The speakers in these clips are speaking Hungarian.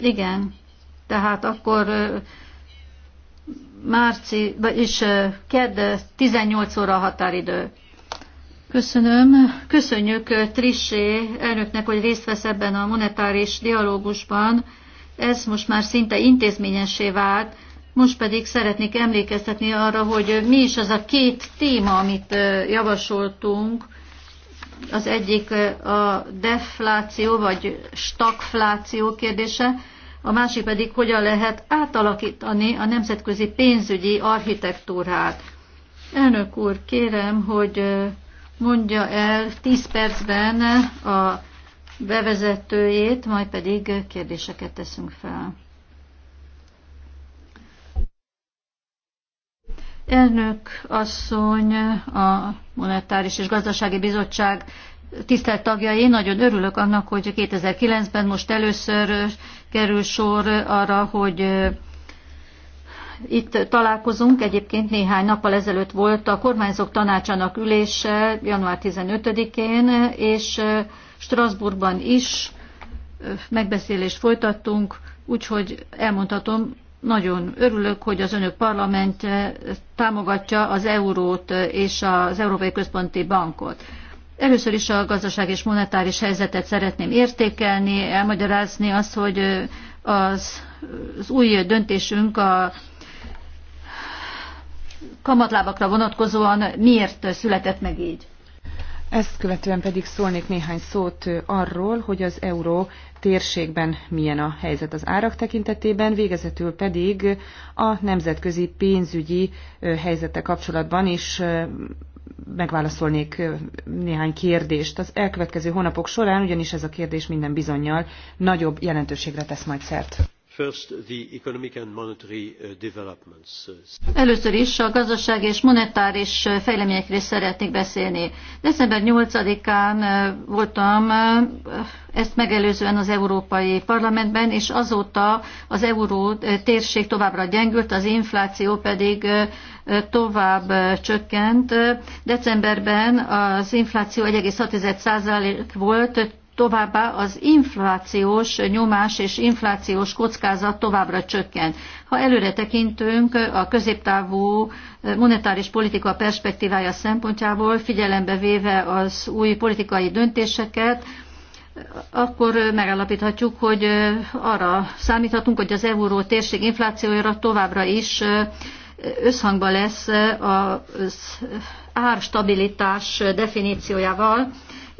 Igen, tehát akkor márci, vagyis kedd 18 óra a határidő. Köszönöm. Köszönjük Trissé elnöknek, hogy részt vesz ebben a monetáris dialógusban. Ez most már szinte intézményessé vált. Most pedig szeretnék emlékeztetni arra, hogy mi is az a két téma, amit javasoltunk, az egyik a defláció vagy stagfláció kérdése, a másik pedig hogyan lehet átalakítani a nemzetközi pénzügyi architektúrát. Elnök úr, kérem, hogy mondja el 10 percben a bevezetőjét, majd pedig kérdéseket teszünk fel. Elnök asszony, a Monetáris és Gazdasági Bizottság tisztelt tagjai, nagyon örülök annak, hogy 2009-ben most először kerül sor arra, hogy itt találkozunk, egyébként néhány nappal ezelőtt volt a kormányzók tanácsának ülése január 15-én, és Strasbourgban is megbeszélést folytattunk, úgyhogy elmondhatom, nagyon örülök, hogy az önök parlament eh, támogatja az eurót eh, és az Európai Központi Bankot. Először is a gazdaság és monetáris helyzetet szeretném értékelni, elmagyarázni azt, hogy eh, az, az új döntésünk a kamatlábakra vonatkozóan miért született meg így. Ezt követően pedig szólnék néhány szót arról, hogy az euró térségben milyen a helyzet az árak tekintetében, végezetül pedig a nemzetközi pénzügyi helyzete kapcsolatban is megválaszolnék néhány kérdést. Az elkövetkező hónapok során ugyanis ez a kérdés minden bizonyal nagyobb jelentőségre tesz majd szert. Uh, Először is a gazdaság és monetáris uh, fejleményekről szeretnék beszélni. December 8-án uh, voltam ezt megelőzően az Európai Parlamentben, és azóta az euró térség továbbra gyengült, az infláció pedig tovább csökkent. Decemberben az infláció 1,6% volt, Továbbá az inflációs nyomás és inflációs kockázat továbbra csökken. Ha előre tekintünk, a középtávú eh, monetáris politika perspektívája szempontjából figyelembe véve az új politikai döntéseket, akkor eh, megállapíthatjuk, hogy eh, arra számíthatunk, hogy az euró térség inflációjára továbbra is összhangban lesz az árstabilitás definíciójával,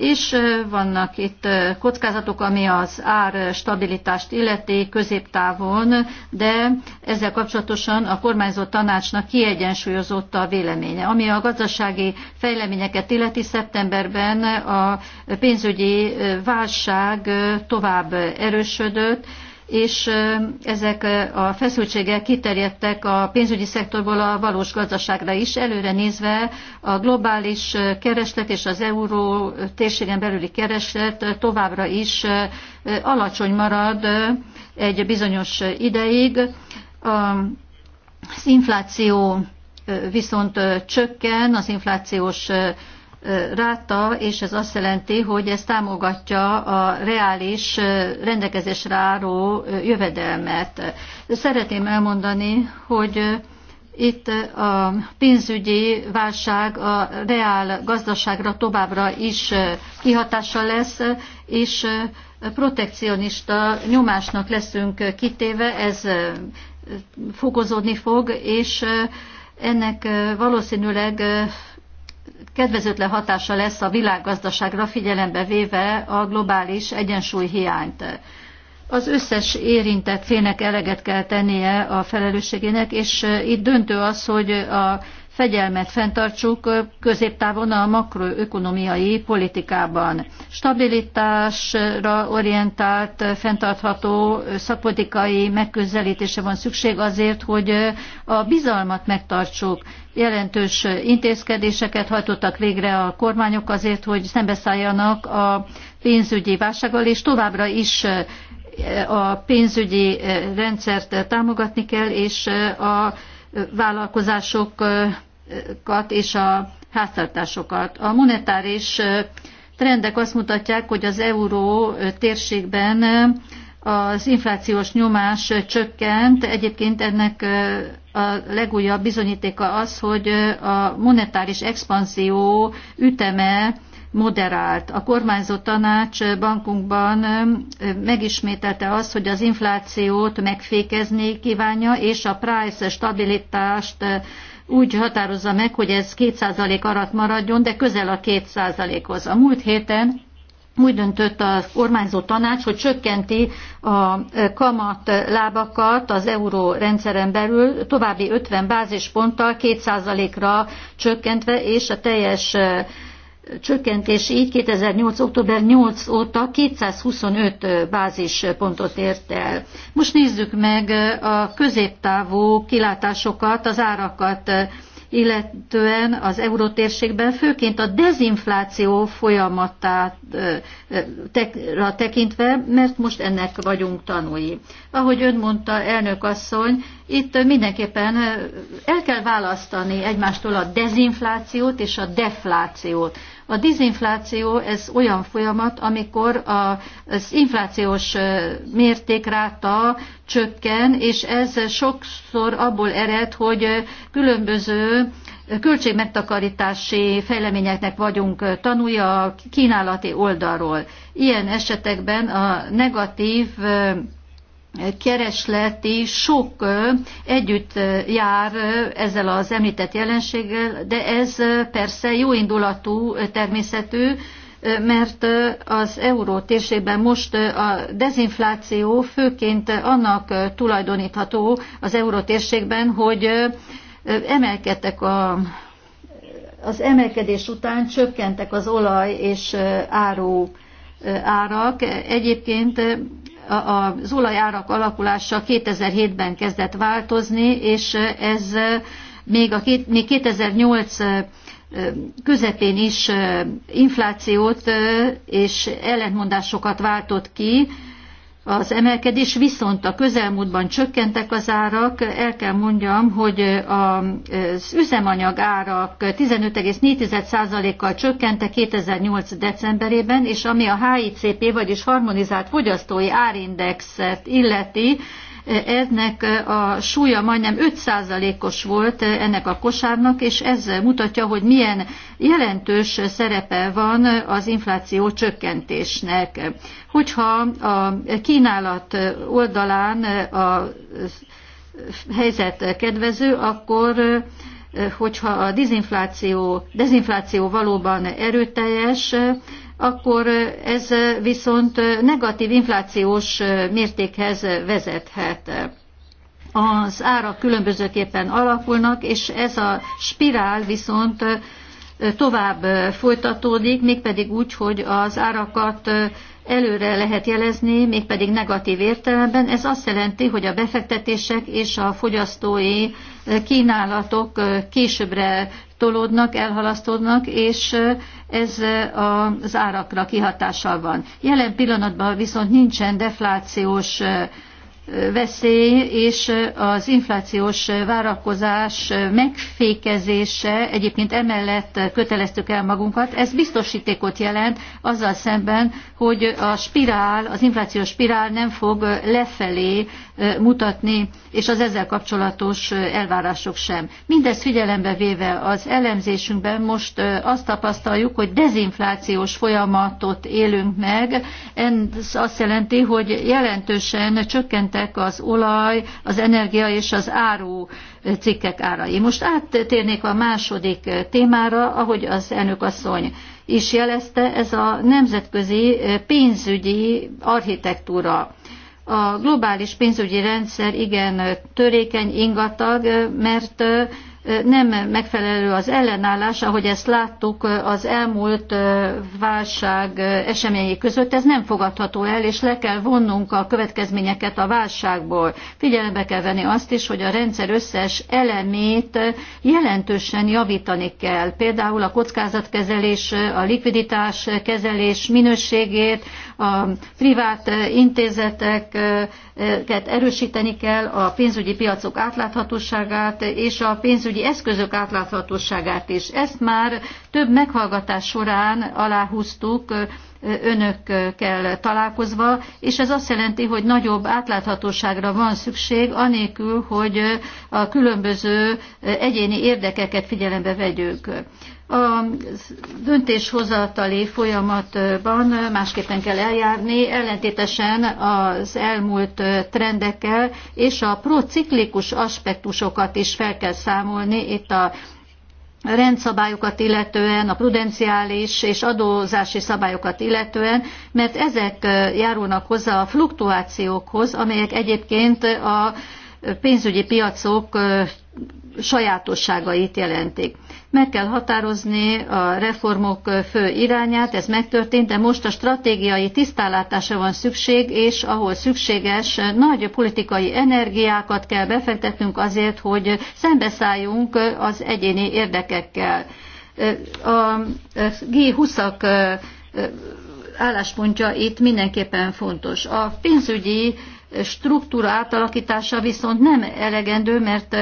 és vannak itt kockázatok, ami az ár stabilitást illeti középtávon, de ezzel kapcsolatosan a kormányzó tanácsnak kiegyensúlyozott a véleménye. Ami a gazdasági fejleményeket illeti, szeptemberben a pénzügyi válság tovább erősödött, és ezek a feszültségek kiterjedtek a pénzügyi szektorból a valós gazdaságra is. Előre nézve a globális kereslet és az euró térségen belüli kereslet továbbra is alacsony marad egy bizonyos ideig. Az infláció viszont csökken, az inflációs ráta, és ez azt jelenti, hogy ez támogatja a reális rendelkezésre álló jövedelmet. Szeretném elmondani, hogy itt a pénzügyi válság a reál gazdaságra továbbra is kihatása lesz, és protekcionista nyomásnak leszünk kitéve, ez fokozódni fog, és ennek valószínűleg kedvezőtlen hatása lesz a világgazdaságra figyelembe véve a globális egyensúly hiányt. Az összes érintett félnek eleget kell tennie a felelősségének, és itt döntő az, hogy a fegyelmet fenntartsuk középtávon a makroökonomiai politikában. Stabilitásra orientált, fenntartható szakpolitikai megközelítése van szükség azért, hogy a bizalmat megtartsuk jelentős intézkedéseket hajtottak végre a kormányok azért, hogy szembeszálljanak a pénzügyi válsággal, és továbbra is eh, a pénzügyi eh, rendszert támogatni kell, és eh, a vállalkozásokat és a háztartásokat. A monetáris trendek azt mutatják, hogy az euró térségben az inflációs nyomás csökkent, egyébként ennek a legújabb bizonyítéka az, hogy a monetáris expanzió üteme moderált. A kormányzó tanács bankunkban megismételte azt, hogy az inflációt megfékezni kívánja, és a price stabilitást úgy határozza meg, hogy ez 2% arat maradjon, de közel a 2%-hoz. A múlt héten úgy döntött a kormányzó tanács, hogy csökkenti a e, kamat lábakat az euró rendszeren belül további 50 bázisponttal 2%-ra csökkentve, és a teljes e, csökkentés így 2008. október 8 óta 225 bázispontot ért el. Most nézzük meg a középtávú kilátásokat, az árakat illetően az eurotérségben, főként a dezinfláció folyamatára tekintve, mert most ennek vagyunk tanúi. Ahogy ön mondta, elnök asszony, itt mindenképpen el kell választani egymástól a dezinflációt és a deflációt. A dezinfláció ez olyan folyamat, amikor az inflációs mértékráta csökken, és ez sokszor abból ered, hogy különböző költségmegtakarítási fejleményeknek vagyunk tanulja a kínálati oldalról. Ilyen esetekben a negatív keresleti sok együtt jár ezzel az említett jelenséggel, de ez persze jóindulatú természetű, mert az euró térségben most a dezinfláció főként annak tulajdonítható az euró térségben, hogy emelkedtek a az emelkedés után csökkentek az olaj és áru árak. Egyébként az olajárak alakulása 2007-ben kezdett változni, és ez még, a, még 2008 közepén is inflációt és ellentmondásokat váltott ki, az emelkedés, viszont a közelmúltban csökkentek az árak. El kell mondjam, hogy az üzemanyag árak 15,4%-kal csökkentek 2008. decemberében, és ami a HICP, vagyis harmonizált fogyasztói árindexet illeti, ennek a súlya majdnem 5%-os volt ennek a kosárnak, és ez mutatja, hogy milyen jelentős szerepe van az infláció csökkentésnek. Hogyha a kínálat oldalán a helyzet kedvező, akkor hogyha a dezinfláció, dezinfláció valóban erőteljes, akkor ez viszont negatív inflációs mértékhez vezethet. Az árak különbözőképpen alakulnak, és ez a spirál viszont tovább folytatódik, mégpedig úgy, hogy az árakat előre lehet jelezni, mégpedig negatív értelemben. Ez azt jelenti, hogy a befektetések és a fogyasztói kínálatok későbbre tolódnak, elhalasztódnak, és ez az árakra kihatással van. Jelen pillanatban viszont nincsen deflációs veszély és az inflációs várakozás megfékezése, egyébként emellett köteleztük el magunkat, ez biztosítékot jelent azzal szemben, hogy a spirál, az inflációs spirál nem fog lefelé mutatni, és az ezzel kapcsolatos elvárások sem. Mindezt figyelembe véve az elemzésünkben most azt tapasztaljuk, hogy dezinflációs folyamatot élünk meg, ez azt jelenti, hogy jelentősen csökkent emelkedtek az olaj, az energia és az áru cikkek árai. Most áttérnék a második témára, ahogy az elnök asszony is jelezte, ez a nemzetközi pénzügyi architektúra. A globális pénzügyi rendszer igen törékeny, ingatag, mert nem megfelelő az ellenállás, ahogy ezt láttuk az elmúlt válság eseményei között, ez nem fogadható el, és le kell vonnunk a következményeket a válságból. Figyelembe kell venni azt is, hogy a rendszer összes elemét jelentősen javítani kell. Például a kockázatkezelés, a likviditás kezelés minőségét, a privát eh, intézeteket eh, eh, erősíteni kell, a pénzügyi piacok átláthatóságát és a pénzügyi eszközök átláthatóságát is. Ezt már több meghallgatás során aláhúztuk, önökkel találkozva, és ez azt jelenti, hogy nagyobb átláthatóságra van szükség, anélkül, hogy a különböző egyéni érdekeket figyelembe vegyük a döntéshozatali folyamatban másképpen kell eljárni, ellentétesen az elmúlt trendekkel, és a prociklikus aspektusokat is fel kell számolni itt a rendszabályokat illetően, a prudenciális és adózási szabályokat illetően, mert ezek járulnak hozzá a fluktuációkhoz, amelyek egyébként a pénzügyi piacok sajátosságait jelentik. Meg kell határozni a reformok fő irányát, ez megtörtént, de most a stratégiai tisztállátása van szükség, és ahol szükséges, nagy politikai energiákat kell befektetnünk azért, hogy szembeszálljunk az egyéni érdekekkel. A G20-ak álláspontja itt mindenképpen fontos. A pénzügyi struktúra átalakítása viszont nem elegendő, mert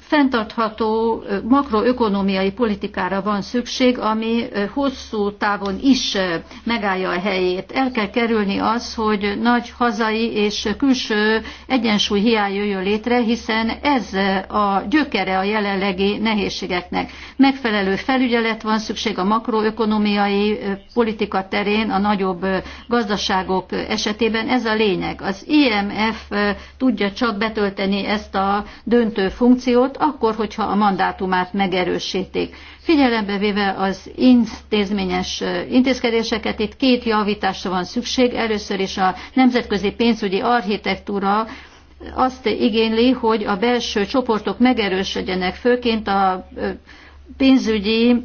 fenntartható makroökonomiai politikára van szükség, ami hosszú távon is megállja a helyét. El kell kerülni az, hogy nagy hazai és külső egyensúly hiány jöjjön létre, hiszen ez a gyökere a jelenlegi nehézségeknek. Megfelelő felügyelet van szükség a makroökonomiai politika terén, a nagyobb gazdaságok esetében. Ez a lényeg. Az IMF tudja csak betölteni ezt a döntő funkciót, funkciót, akkor, hogyha a mandátumát megerősítik. Figyelembe véve az intézményes intézkedéseket, itt két javításra van szükség. Először is a nemzetközi pénzügyi architektúra azt igényli, hogy a belső csoportok megerősödjenek, főként a pénzügyi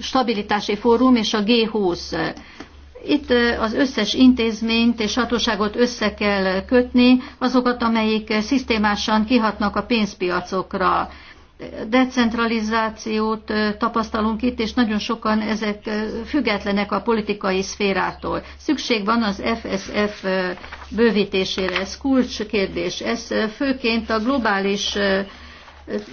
stabilitási fórum és a G20 itt az összes intézményt és hatóságot össze kell kötni, azokat, amelyik szisztémásan kihatnak a pénzpiacokra. Decentralizációt tapasztalunk itt, és nagyon sokan ezek függetlenek a politikai szférától. Szükség van az FSF bővítésére, ez kulcskérdés. Ez főként a globális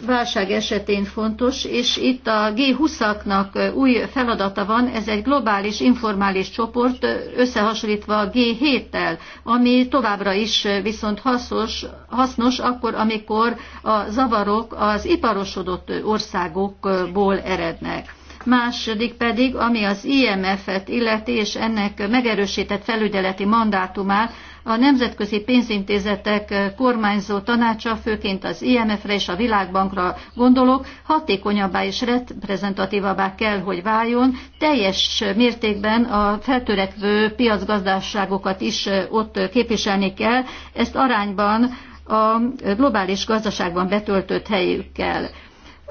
válság esetén fontos, és itt a G20-aknak új feladata van, ez egy globális informális csoport, összehasonlítva a G7-tel, ami továbbra is viszont hasznos, hasznos akkor, amikor a zavarok az iparosodott országokból erednek második pedig, ami az IMF-et illeti, és ennek megerősített felügyeleti mandátumát, a nemzetközi pénzintézetek kormányzó tanácsa, főként az IMF-re és a Világbankra gondolok, hatékonyabbá és reprezentatívabbá kell, hogy váljon, teljes mértékben a feltörekvő piacgazdaságokat is ott képviselni kell, ezt arányban a globális gazdaságban betöltött helyükkel.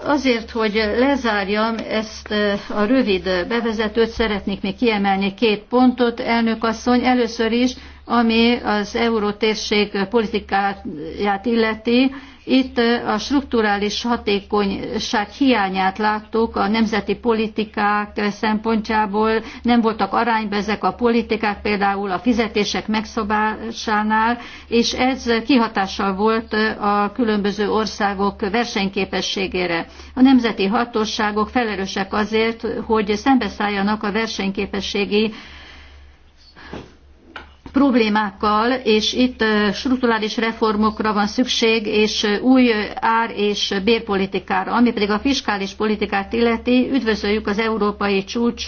Azért, hogy lezárjam ezt a rövid bevezetőt, szeretnék még kiemelni két pontot, elnök asszony. Először is ami az eurótérség politikáját illeti. Itt a strukturális hatékonyság hiányát láttuk a nemzeti politikák szempontjából. Nem voltak arányba ezek a politikák, például a fizetések megszabásánál, és ez kihatással volt a különböző országok versenyképességére. A nemzeti hatóságok felelősek azért, hogy szembeszálljanak a versenyképességi problémákkal, és itt strukturális reformokra van szükség, és új ár- és bérpolitikára. Ami pedig a fiskális politikát illeti, üdvözöljük az európai csúcs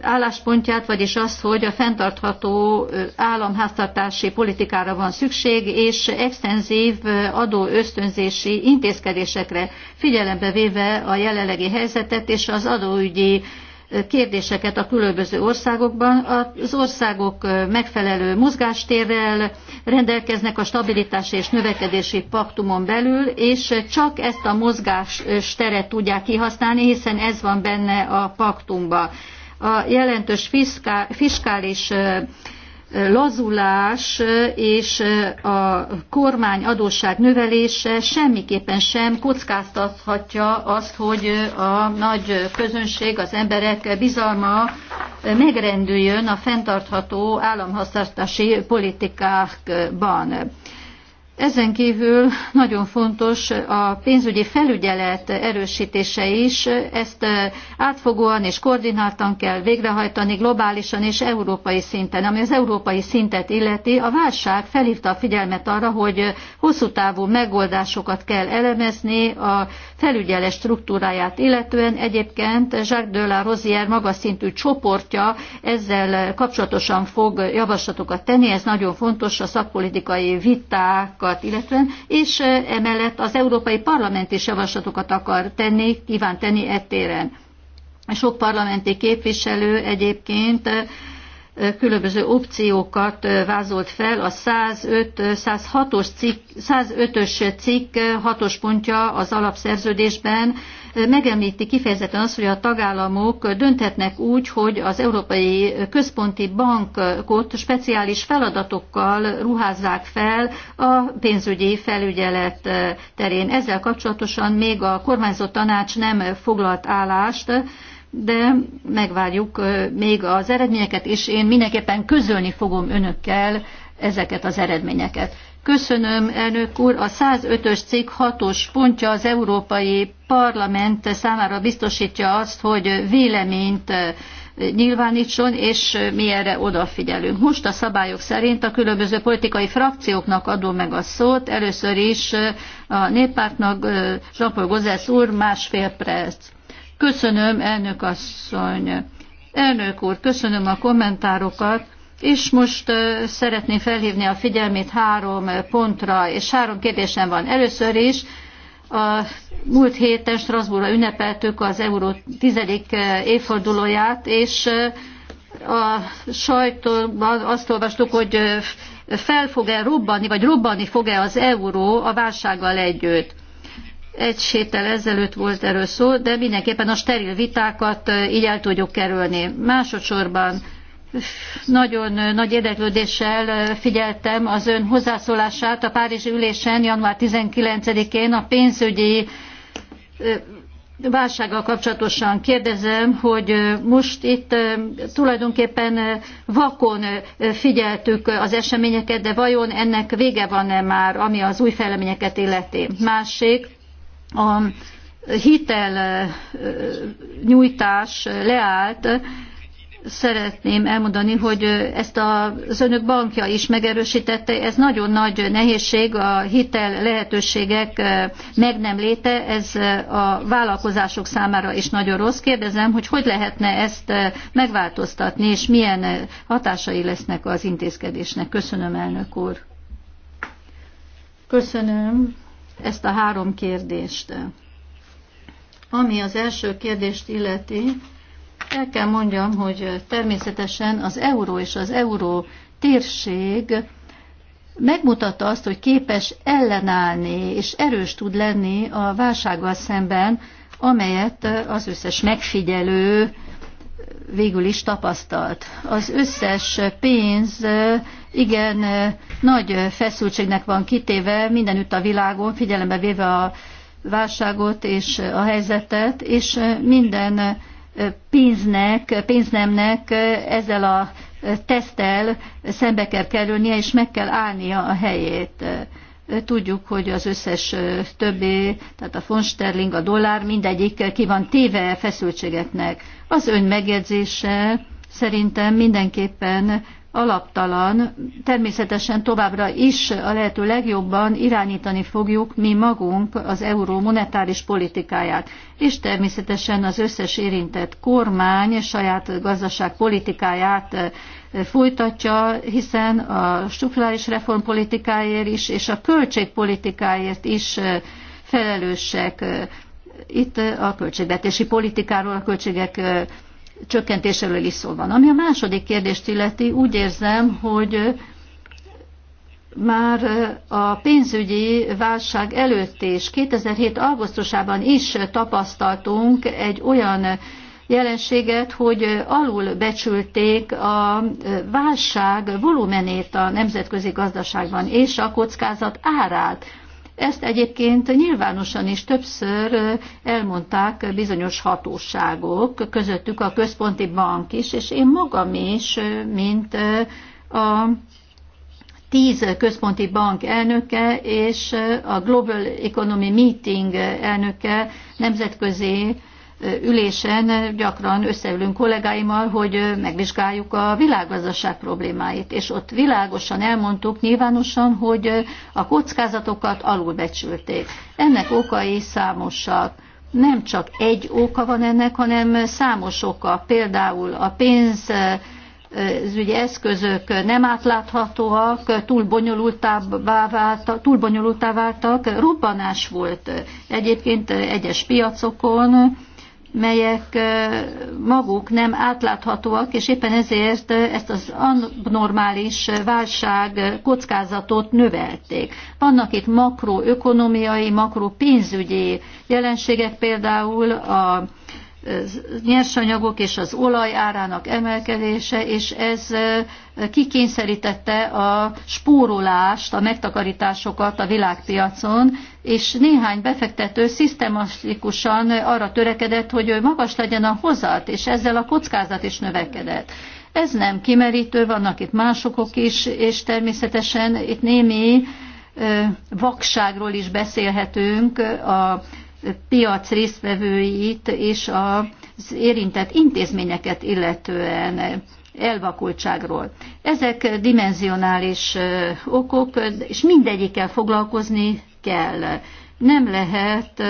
álláspontját, vagyis azt, hogy a fenntartható államháztartási politikára van szükség, és extenzív adóösztönzési intézkedésekre, figyelembe véve a jelenlegi helyzetet és az adóügyi kérdéseket a különböző országokban. Az országok megfelelő mozgástérrel rendelkeznek a stabilitási és növekedési paktumon belül, és csak ezt a mozgásteret tudják kihasználni, hiszen ez van benne a paktumban. A jelentős fiskális lazulás és a kormány adósság növelése semmiképpen sem kockáztathatja azt, hogy a nagy közönség, az emberek bizalma megrendüljön a fenntartható államhasztartási politikákban ezen kívül nagyon fontos a pénzügyi felügyelet erősítése is. Ezt átfogóan és koordináltan kell végrehajtani globálisan és európai szinten. Ami az európai szintet illeti, a válság felhívta a figyelmet arra, hogy hosszú távú megoldásokat kell elemezni a felügyelet struktúráját illetően. Egyébként Jacques de la Rosière magas szintű csoportja ezzel kapcsolatosan fog javaslatokat tenni. Ez nagyon fontos a szakpolitikai viták javaslatokat, illetve és emellett az Európai Parlament is javaslatokat akar tenni, kíván tenni ettéren. Sok parlamenti képviselő egyébként különböző opciókat vázolt fel. A 105-106-os cikk, 105-ös cikk 6 pontja az alapszerződésben megemlíti kifejezetten azt, hogy a tagállamok dönthetnek úgy, hogy az Európai Központi Bankot speciális feladatokkal ruházzák fel a pénzügyi felügyelet terén. Ezzel kapcsolatosan még a kormányzó tanács nem foglalt állást, de megvárjuk még az eredményeket, és én mindenképpen közölni fogom önökkel ezeket az eredményeket. Köszönöm, elnök úr. A 105-ös cikk 6-os pontja az Európai Parlament számára biztosítja azt, hogy véleményt eh, nyilvánítson, és eh, mi erre odafigyelünk. Most a szabályok szerint a különböző politikai frakcióknak adom meg a szót. Először is eh, a néppártnak Jean-Paul Gozesz úr másfél perc. Köszönöm, elnök asszony. Elnök úr, köszönöm a kommentárokat. És most szeretném felhívni a figyelmét három pontra, és három kérdésem van. Először is, a múlt héten Strasbourgba ünnepeltük az Euró 10. évfordulóját, és a sajtóban azt olvastuk, hogy fel fog-e robbanni, vagy robbanni fog-e az euró a válsággal együtt. Egy héttel ezelőtt volt erről szó, de mindenképpen a steril vitákat így el tudjuk kerülni. Másodszorban nagyon nagy érdeklődéssel figyeltem az ön hozzászólását a Párizsi ülésen január 19-én a pénzügyi válsággal kapcsolatosan kérdezem, hogy most itt tulajdonképpen vakon figyeltük az eseményeket, de vajon ennek vége van-e már, ami az új fejleményeket illeti? Másik, a hitel nyújtás leállt, szeretném elmondani, hogy ezt az önök bankja is megerősítette, ez nagyon nagy nehézség, a hitel lehetőségek meg nem léte, ez a vállalkozások számára is nagyon rossz. Kérdezem, hogy hogy lehetne ezt megváltoztatni, és milyen hatásai lesznek az intézkedésnek. Köszönöm, elnök úr. Köszönöm ezt a három kérdést. Ami az első kérdést illeti, el kell mondjam, hogy természetesen az euró és az euró térség megmutatta azt, hogy képes ellenállni és erős tud lenni a válsággal szemben, amelyet az összes megfigyelő végül is tapasztalt. Az összes pénz igen nagy feszültségnek van kitéve mindenütt a világon, figyelembe véve a válságot és a helyzetet, és minden pénznek, pénznemnek ezzel a tesztel szembe kell kerülnie, és meg kell állnia a helyét. Tudjuk, hogy az összes többi, tehát a von Sterling, a dollár, mindegyik ki van téve feszültségeknek. Az ön megjegyzése szerintem mindenképpen alaptalan. Természetesen továbbra is a lehető legjobban irányítani fogjuk mi magunk az euró monetáris politikáját, és természetesen az összes érintett kormány saját politikáját eh, folytatja, hiszen a strukturális reformpolitikáért is és a költségpolitikáért is eh, felelősek. Itt a költségvetési politikáról, a költségek eh, csökkentéséről is szó van. Ami a második kérdést illeti, úgy érzem, hogy már a pénzügyi válság előtt is, 2007. augusztusában is tapasztaltunk egy olyan jelenséget, hogy alul becsülték a válság volumenét a nemzetközi gazdaságban és a kockázat árát. Ezt egyébként nyilvánosan is többször elmondták bizonyos hatóságok, közöttük a központi bank is, és én magam is, mint a tíz központi bank elnöke és a Global Economy Meeting elnöke nemzetközi ülésen gyakran összeülünk kollégáimmal, hogy megvizsgáljuk a világgazdaság problémáit, és ott világosan elmondtuk nyilvánosan, hogy a kockázatokat alulbecsülték. Ennek okai számosak. Nem csak egy oka van ennek, hanem számos oka. Például a pénz az ügyi eszközök nem átláthatóak, túl bonyolultává váltak, túl bonyolultá váltak, robbanás volt egyébként egyes piacokon, melyek maguk nem átláthatóak, és éppen ezért ezt az abnormális válság kockázatot növelték. Vannak itt makroökonomiai, makropénzügyi jelenségek, például a nyersanyagok és az olaj árának emelkedése, és ez kikényszerítette a spórolást, a megtakarításokat a világpiacon, és néhány befektető szisztematikusan arra törekedett, hogy ő magas legyen a hozat, és ezzel a kockázat is növekedett. Ez nem kimerítő, vannak itt másokok is, és természetesen itt némi vakságról is beszélhetünk a piac részvevőit és az érintett intézményeket illetően elvakultságról. Ezek dimenzionális okok, és mindegyikkel foglalkozni kell. Nem lehet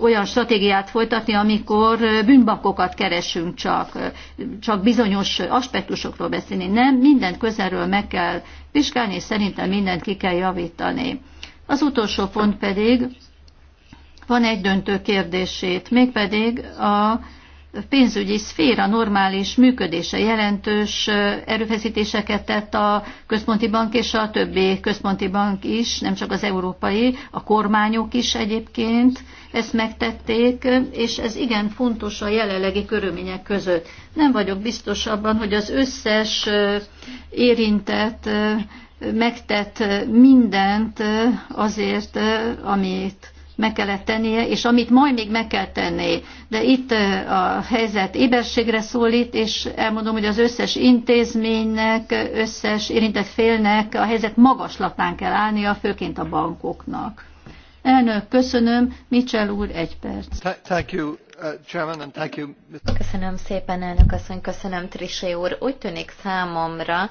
olyan stratégiát folytatni, amikor bűnbakokat keresünk csak, csak bizonyos aspektusokról beszélni. Nem, mindent közelről meg kell vizsgálni, és szerintem mindent ki kell javítani. Az utolsó pont pedig van egy döntő kérdését, mégpedig a pénzügyi szféra normális működése jelentős erőfeszítéseket tett a központi bank és a többi központi bank is, nem csak az európai, a kormányok is egyébként ezt megtették, és ez igen fontos a jelenlegi körülmények között. Nem vagyok biztos abban, hogy az összes érintett megtett mindent azért, amit meg kellett tennie, és amit majd még meg kell tenni. De itt a helyzet éberségre szólít, és elmondom, hogy az összes intézménynek, összes érintett félnek a helyzet magaslatán kell állnia, főként a bankoknak. Elnök, köszönöm. Mitchell úr, egy perc. Thank you. Uh, köszönöm szépen, elnök asszony, köszönöm Trisé úr. Úgy tűnik számomra,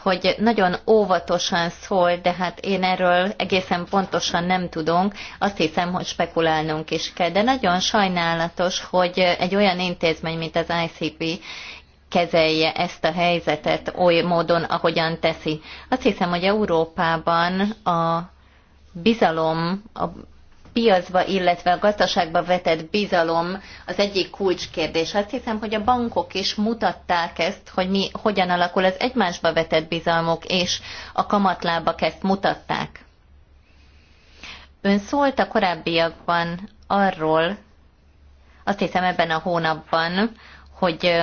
hogy nagyon óvatosan szól, de hát én erről egészen pontosan nem tudunk. Azt hiszem, hogy spekulálnunk is kell. De nagyon sajnálatos, hogy egy olyan intézmény, mint az ICP kezelje ezt a helyzetet oly módon, ahogyan teszi. Azt hiszem, hogy Európában a bizalom, a piacba, illetve a gazdaságba vetett bizalom az egyik kulcskérdés. Azt hiszem, hogy a bankok is mutatták ezt, hogy mi hogyan alakul az egymásba vetett bizalmuk, és a kamatlábak ezt mutatták. Ön szólt a korábbiakban arról, azt hiszem ebben a hónapban, hogy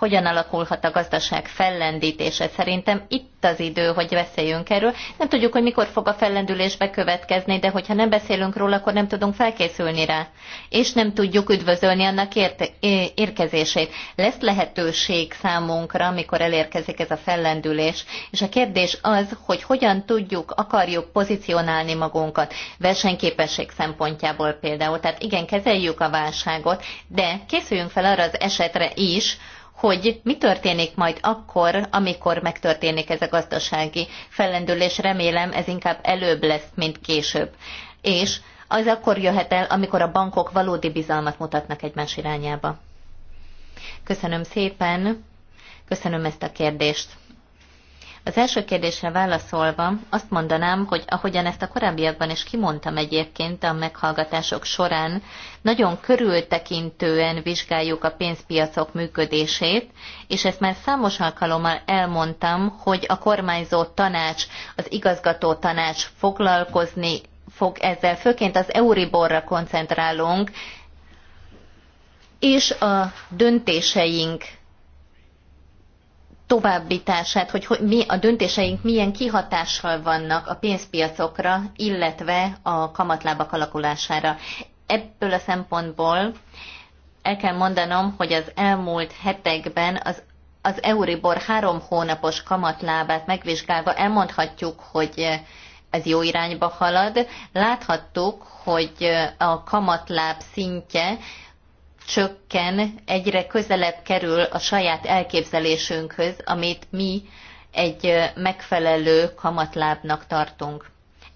hogyan alakulhat a gazdaság fellendítése. Szerintem itt az idő, hogy beszéljünk erről. Nem tudjuk, hogy mikor fog a fellendülés bekövetkezni, de hogyha nem beszélünk róla, akkor nem tudunk felkészülni rá. És nem tudjuk üdvözölni annak érkezését. Lesz lehetőség számunkra, amikor elérkezik ez a fellendülés. És a kérdés az, hogy hogyan tudjuk, akarjuk pozícionálni magunkat versenyképesség szempontjából például. Tehát igen, kezeljük a válságot, de készüljünk fel arra az esetre is, hogy mi történik majd akkor, amikor megtörténik ez a gazdasági fellendülés. Remélem ez inkább előbb lesz, mint később. És az akkor jöhet el, amikor a bankok valódi bizalmat mutatnak egymás irányába. Köszönöm szépen, köszönöm ezt a kérdést. Az első kérdésre válaszolva azt mondanám, hogy ahogyan ezt a korábbiakban is kimondtam egyébként a meghallgatások során, nagyon körültekintően vizsgáljuk a pénzpiacok működését, és ezt már számos alkalommal elmondtam, hogy a kormányzó tanács, az igazgató tanács foglalkozni fog ezzel, főként az Euriborra koncentrálunk, és a döntéseink továbbítását, hogy, mi a döntéseink milyen kihatással vannak a pénzpiacokra, illetve a kamatlábak alakulására. Ebből a szempontból el kell mondanom, hogy az elmúlt hetekben az az Euribor három hónapos kamatlábát megvizsgálva elmondhatjuk, hogy ez jó irányba halad. Láthattuk, hogy a kamatláb szintje csökken, egyre közelebb kerül a saját elképzelésünkhöz, amit mi egy megfelelő kamatlábnak tartunk.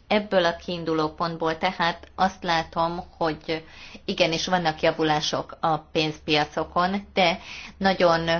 Ebből a kiinduló pontból tehát azt látom, hogy igenis vannak javulások a pénzpiacokon, de nagyon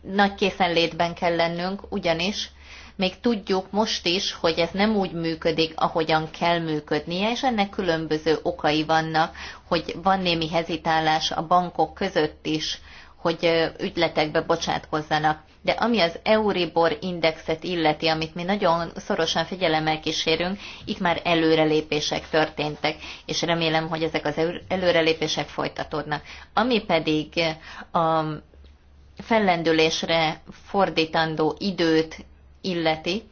nagy készenlétben kell lennünk, ugyanis még tudjuk most is, hogy ez nem úgy működik, ahogyan kell működnie, és ennek különböző okai vannak, hogy van némi hezitálás a bankok között is, hogy ügyletekbe bocsátkozzanak. De ami az Euribor indexet illeti, amit mi nagyon szorosan figyelemmel kísérünk, itt már előrelépések történtek, és remélem, hogy ezek az előrelépések folytatódnak. Ami pedig a fellendülésre fordítandó időt illeti,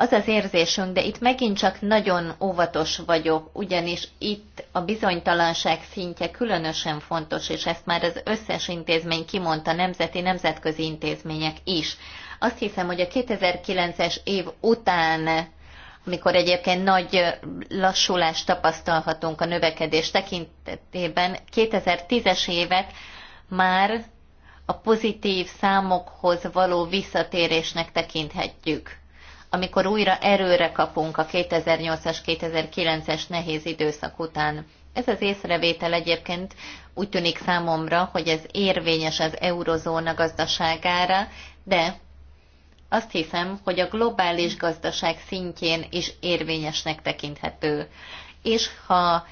az az érzésünk, de itt megint csak nagyon óvatos vagyok, ugyanis itt a bizonytalanság szintje különösen fontos, és ezt már az összes intézmény kimondta, nemzeti, nemzetközi intézmények is. Azt hiszem, hogy a 2009-es év után amikor egyébként nagy lassulást tapasztalhatunk a növekedés tekintetében, 2010-es évet már a pozitív számokhoz való visszatérésnek tekinthetjük, amikor újra erőre kapunk a 2008-as, 2009-es nehéz időszak után. Ez az észrevétel egyébként úgy tűnik számomra, hogy ez érvényes az eurozóna gazdaságára, de azt hiszem, hogy a globális gazdaság szintjén is érvényesnek tekinthető. És ha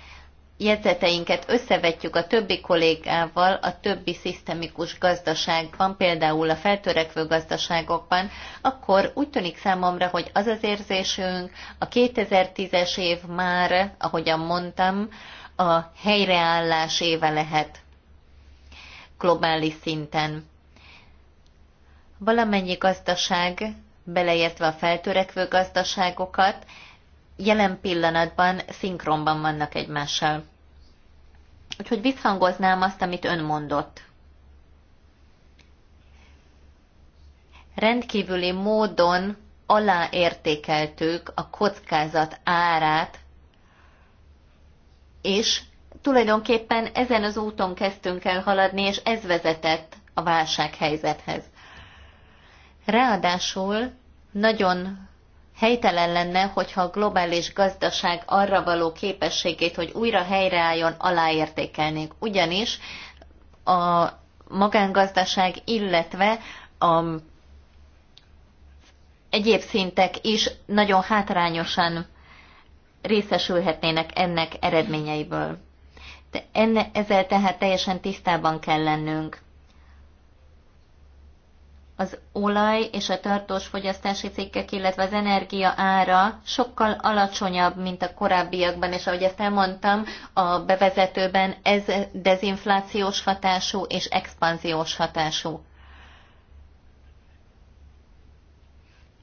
jegyzeteinket összevetjük a többi kollégával a többi szisztemikus gazdaságban, például a feltörekvő gazdaságokban, akkor úgy tűnik számomra, hogy az az érzésünk, a 2010-es év már, ahogyan mondtam, a helyreállás éve lehet globális szinten. Valamennyi gazdaság, beleértve a feltörekvő gazdaságokat, jelen pillanatban szinkronban vannak egymással. Úgyhogy visszhangoznám azt, amit ön mondott. Rendkívüli módon aláértékeltük a kockázat árát, és tulajdonképpen ezen az úton kezdtünk el haladni, és ez vezetett a válsághelyzethez. Ráadásul nagyon helytelen lenne, hogyha a globális gazdaság arra való képességét, hogy újra helyreálljon, aláértékelnénk. Ugyanis a magángazdaság, illetve a egyéb szintek is nagyon hátrányosan részesülhetnének ennek eredményeiből. De enne, ezzel tehát teljesen tisztában kell lennünk az olaj és a tartós fogyasztási cikkek, illetve az energia ára sokkal alacsonyabb, mint a korábbiakban, és ahogy ezt elmondtam a bevezetőben, ez dezinflációs hatású és expanziós hatású.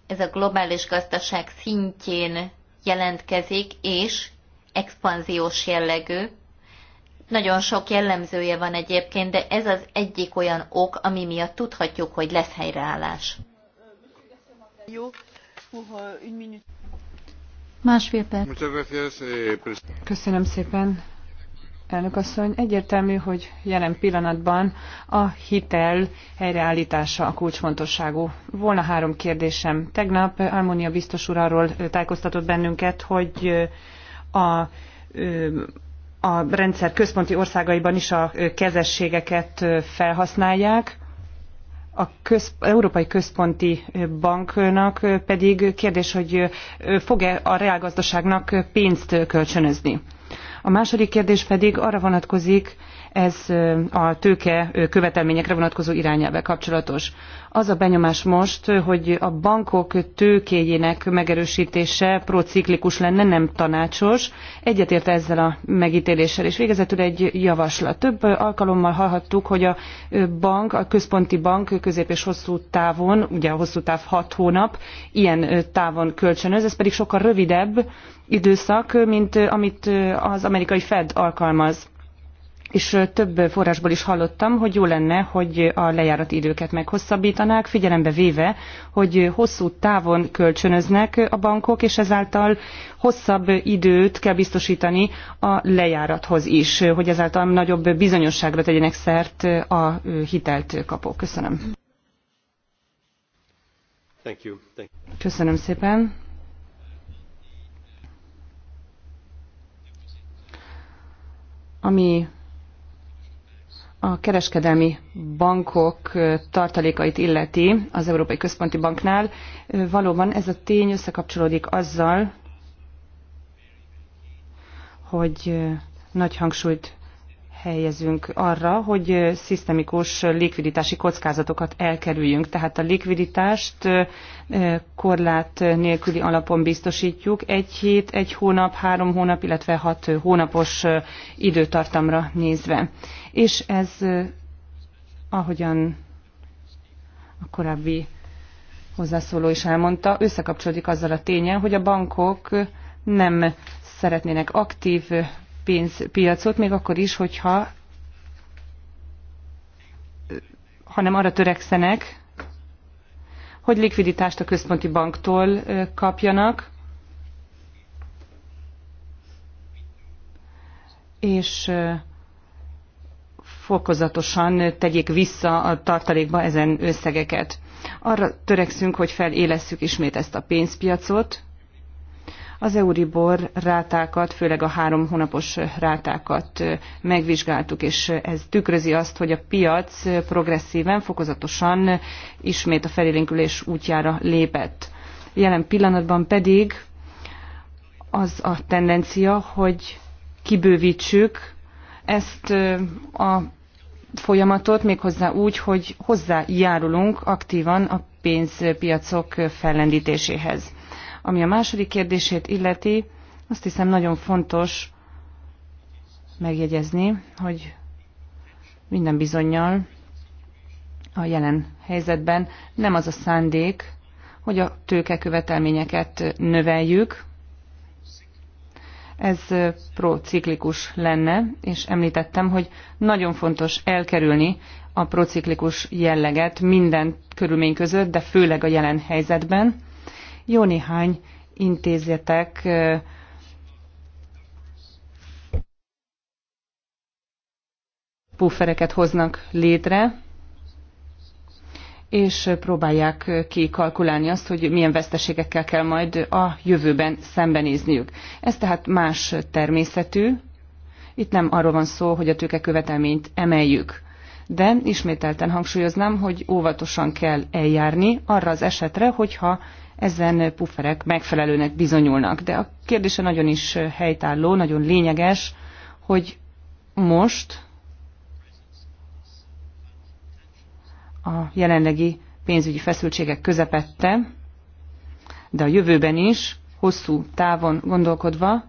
Ez a globális gazdaság szintjén jelentkezik, és expanziós jellegű, nagyon sok jellemzője van egyébként, de ez az egyik olyan ok, ami miatt tudhatjuk, hogy lesz helyreállás. Másfél perc. Eh, Köszönöm szépen, elnök asszony. Egyértelmű, hogy jelen pillanatban a hitel helyreállítása a kulcsfontosságú. Volna három kérdésem. Tegnap Almonia biztos úr arról tájékoztatott bennünket, hogy a a rendszer központi országaiban is a kezességeket felhasználják. A közp- Európai Központi Banknak pedig kérdés, hogy fog-e a reálgazdaságnak pénzt kölcsönözni. A második kérdés pedig arra vonatkozik, ez a tőke követelményekre vonatkozó irányelvvel kapcsolatos. Az a benyomás most, hogy a bankok tőkéjének megerősítése prociklikus lenne, nem tanácsos. Egyetért ezzel a megítéléssel, és végezetül egy javaslat. Több alkalommal hallhattuk, hogy a bank, a központi bank közép és hosszú távon, ugye a hosszú táv 6 hónap, ilyen távon kölcsönöz, ez pedig sokkal rövidebb időszak, mint amit az amerikai Fed alkalmaz és több forrásból is hallottam, hogy jó lenne, hogy a lejárat időket meghosszabbítanák, figyelembe véve, hogy hosszú távon kölcsönöznek a bankok, és ezáltal hosszabb időt kell biztosítani a lejárathoz is, hogy ezáltal nagyobb bizonyosságra tegyenek szert a hitelt kapók. Köszönöm. Thank you. Thank you. Köszönöm szépen. ami a kereskedelmi bankok tartalékait illeti az Európai Központi Banknál, valóban ez a tény összekapcsolódik azzal, hogy nagy hangsúlyt helyezünk arra, hogy szisztemikus likviditási kockázatokat elkerüljünk. Tehát a likviditást korlát nélküli alapon biztosítjuk egy hét, egy hónap, három hónap, illetve hat hónapos időtartamra nézve és ez, ahogyan a korábbi hozzászóló is elmondta, összekapcsolódik azzal a tényen, hogy a bankok nem szeretnének aktív pénzpiacot, még akkor is, hogyha hanem arra törekszenek, hogy likviditást a központi banktól kapjanak, és fokozatosan tegyék vissza a tartalékba ezen összegeket. Arra törekszünk, hogy felélesszük ismét ezt a pénzpiacot, az Euribor rátákat, főleg a három hónapos rátákat megvizsgáltuk, és ez tükrözi azt, hogy a piac progresszíven, fokozatosan ismét a felélénkülés útjára lépett. Jelen pillanatban pedig az a tendencia, hogy kibővítsük ezt a folyamatot méghozzá úgy, hogy hozzájárulunk aktívan a pénzpiacok fellendítéséhez. Ami a második kérdését illeti, azt hiszem nagyon fontos megjegyezni, hogy minden bizonyal a jelen helyzetben nem az a szándék, hogy a tőkekövetelményeket növeljük, ez prociklikus lenne, és említettem, hogy nagyon fontos elkerülni a prociklikus jelleget minden körülmény között, de főleg a jelen helyzetben. Jó néhány intézetek puffereket hoznak létre, és próbálják kikalkulálni azt, hogy milyen veszteségekkel kell majd a jövőben szembenézniük. Ez tehát más természetű. Itt nem arról van szó, hogy a követelményt emeljük. De ismételten hangsúlyoznám, hogy óvatosan kell eljárni arra az esetre, hogyha ezen pufferek megfelelőnek bizonyulnak. De a kérdése nagyon is helytálló, nagyon lényeges, hogy most a jelenlegi pénzügyi feszültségek közepette, de a jövőben is, hosszú távon gondolkodva,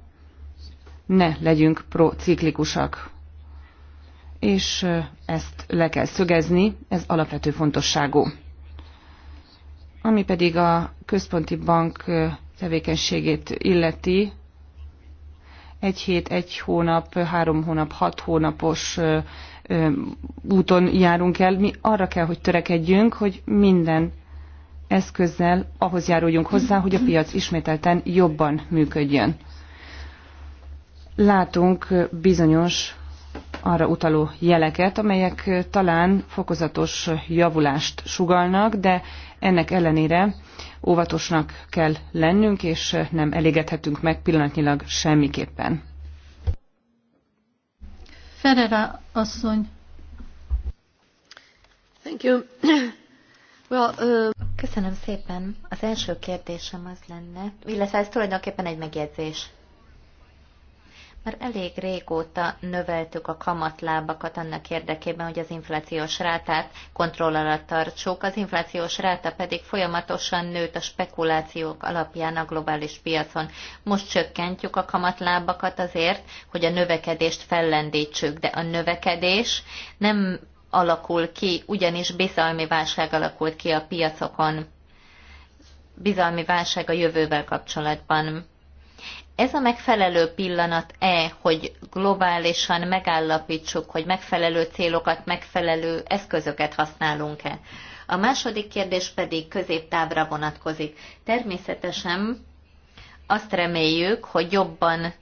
ne legyünk prociklikusak. És ezt le kell szögezni, ez alapvető fontosságú. Ami pedig a központi bank tevékenységét illeti, egy hét, egy hónap, három hónap, hat hónapos úton járunk el. Mi arra kell, hogy törekedjünk, hogy minden eszközzel ahhoz járuljunk hozzá, hogy a piac ismételten jobban működjön. Látunk bizonyos arra utaló jeleket, amelyek talán fokozatos javulást sugalnak, de ennek ellenére óvatosnak kell lennünk, és nem elégedhetünk meg pillanatnyilag semmiképpen. Ferreira asszony. Thank you. Well, uh... Köszönöm szépen. Az első kérdésem az lenne, illetve ez tulajdonképpen egy megjegyzés. Már elég régóta növeltük a kamatlábakat annak érdekében, hogy az inflációs rátát kontroll alatt tartsuk. Az inflációs ráta pedig folyamatosan nőtt a spekulációk alapján a globális piacon. Most csökkentjük a kamatlábakat azért, hogy a növekedést fellendítsük, de a növekedés nem alakul ki, ugyanis bizalmi válság alakult ki a piacokon. Bizalmi válság a jövővel kapcsolatban ez a megfelelő pillanat-e, hogy globálisan megállapítsuk, hogy megfelelő célokat, megfelelő eszközöket használunk-e? A második kérdés pedig középtávra vonatkozik. Természetesen azt reméljük, hogy jobban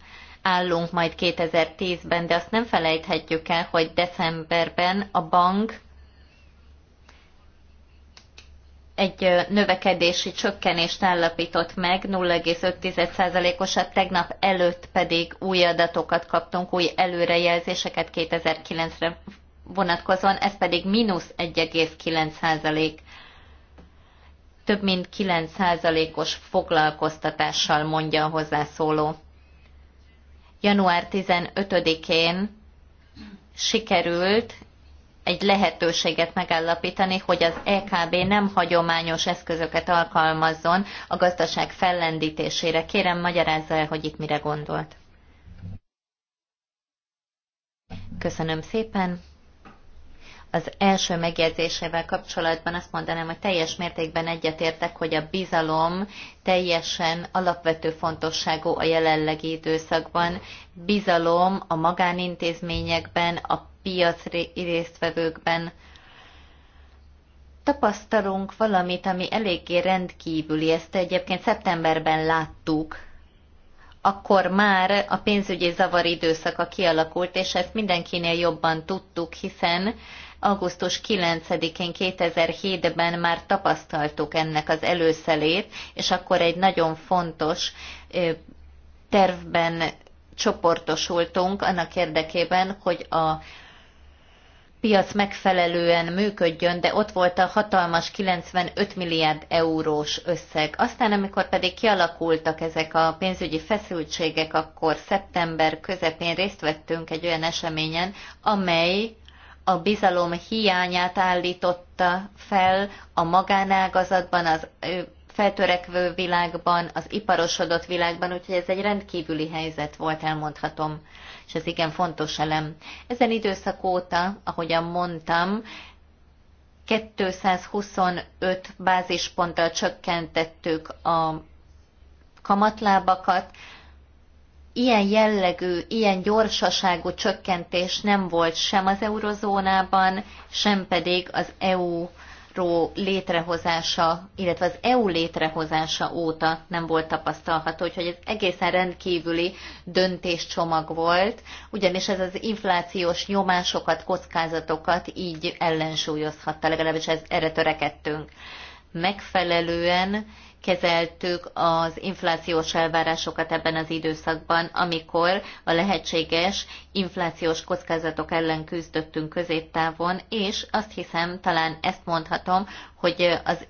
állunk majd 2010-ben, de azt nem felejthetjük el, hogy decemberben a bank egy növekedési csökkenést állapított meg, 0,5%-osat, tegnap előtt pedig új adatokat kaptunk, új előrejelzéseket 2009-re vonatkozóan, ez pedig mínusz 1,9%. Több mint 9%-os foglalkoztatással mondja a hozzászóló. Január 15-én sikerült egy lehetőséget megállapítani, hogy az EKB nem hagyományos eszközöket alkalmazzon a gazdaság fellendítésére. Kérem, magyarázza el, hogy itt mire gondolt. Köszönöm szépen az első megjegyzésével kapcsolatban azt mondanám, hogy teljes mértékben egyetértek, hogy a bizalom teljesen alapvető fontosságú a jelenlegi időszakban. Bizalom a magánintézményekben, a piac résztvevőkben. Tapasztalunk valamit, ami eléggé rendkívüli, ezt egyébként szeptemberben láttuk, akkor már a pénzügyi zavar időszaka kialakult, és ezt mindenkinél jobban tudtuk, hiszen Augusztus 9-én 2007-ben már tapasztaltuk ennek az előszelét, és akkor egy nagyon fontos tervben csoportosultunk annak érdekében, hogy a piac megfelelően működjön, de ott volt a hatalmas 95 milliárd eurós összeg. Aztán, amikor pedig kialakultak ezek a pénzügyi feszültségek, akkor szeptember közepén részt vettünk egy olyan eseményen, amely a bizalom hiányát állította fel a magánágazatban, az feltörekvő világban, az iparosodott világban, úgyhogy ez egy rendkívüli helyzet volt, elmondhatom, és ez igen fontos elem. Ezen időszak óta, ahogyan mondtam, 225 bázisponttal csökkentettük a kamatlábakat, ilyen jellegű, ilyen gyorsaságú csökkentés nem volt sem az eurozónában, sem pedig az EU létrehozása, illetve az EU létrehozása óta nem volt tapasztalható, úgyhogy ez egészen rendkívüli döntéscsomag volt, ugyanis ez az inflációs nyomásokat, kockázatokat így ellensúlyozhatta, legalábbis ez, erre törekedtünk. Megfelelően kezeltük az inflációs elvárásokat ebben az időszakban, amikor a lehetséges inflációs kockázatok ellen küzdöttünk középtávon, és azt hiszem, talán ezt mondhatom, hogy az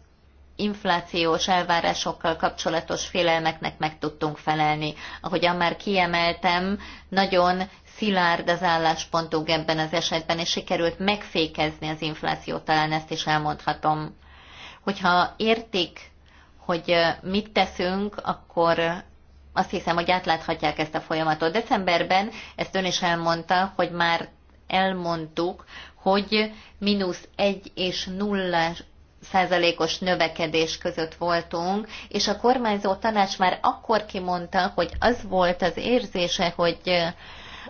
inflációs elvárásokkal kapcsolatos félelmeknek meg tudtunk felelni. Ahogyan már kiemeltem, nagyon szilárd az álláspontunk ebben az esetben, és sikerült megfékezni az inflációt, talán ezt is elmondhatom. Hogyha értik hogy mit teszünk, akkor azt hiszem, hogy átláthatják ezt a folyamatot. Decemberben ezt ön is elmondta, hogy már elmondtuk, hogy mínusz egy és nulla százalékos növekedés között voltunk, és a kormányzó tanács már akkor kimondta, hogy az volt az érzése, hogy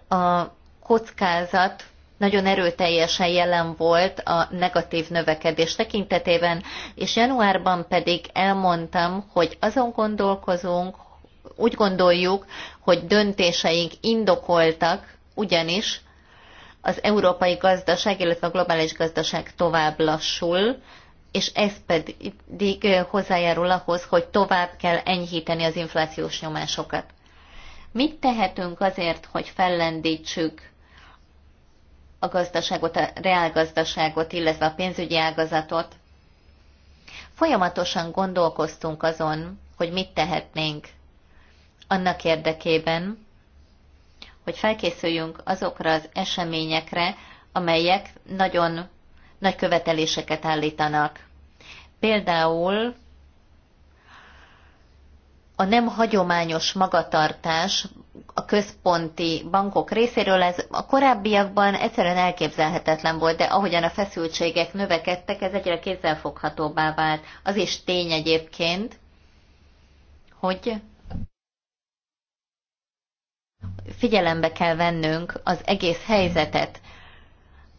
a kockázat nagyon erőteljesen jelen volt a negatív növekedés tekintetében, és januárban pedig elmondtam, hogy azon gondolkozunk, úgy gondoljuk, hogy döntéseink indokoltak, ugyanis az európai gazdaság, illetve a globális gazdaság tovább lassul, és ez pedig hozzájárul ahhoz, hogy tovább kell enyhíteni az inflációs nyomásokat. Mit tehetünk azért, hogy fellendítsük a gazdaságot, a reálgazdaságot, illetve a pénzügyi ágazatot. Folyamatosan gondolkoztunk azon, hogy mit tehetnénk annak érdekében, hogy felkészüljünk azokra az eseményekre, amelyek nagyon nagy követeléseket állítanak. Például a nem hagyományos magatartás központi bankok részéről. Ez a korábbiakban egyszerűen elképzelhetetlen volt, de ahogyan a feszültségek növekedtek, ez egyre kézzelfoghatóbbá vált. Az is tény egyébként, hogy figyelembe kell vennünk az egész helyzetet.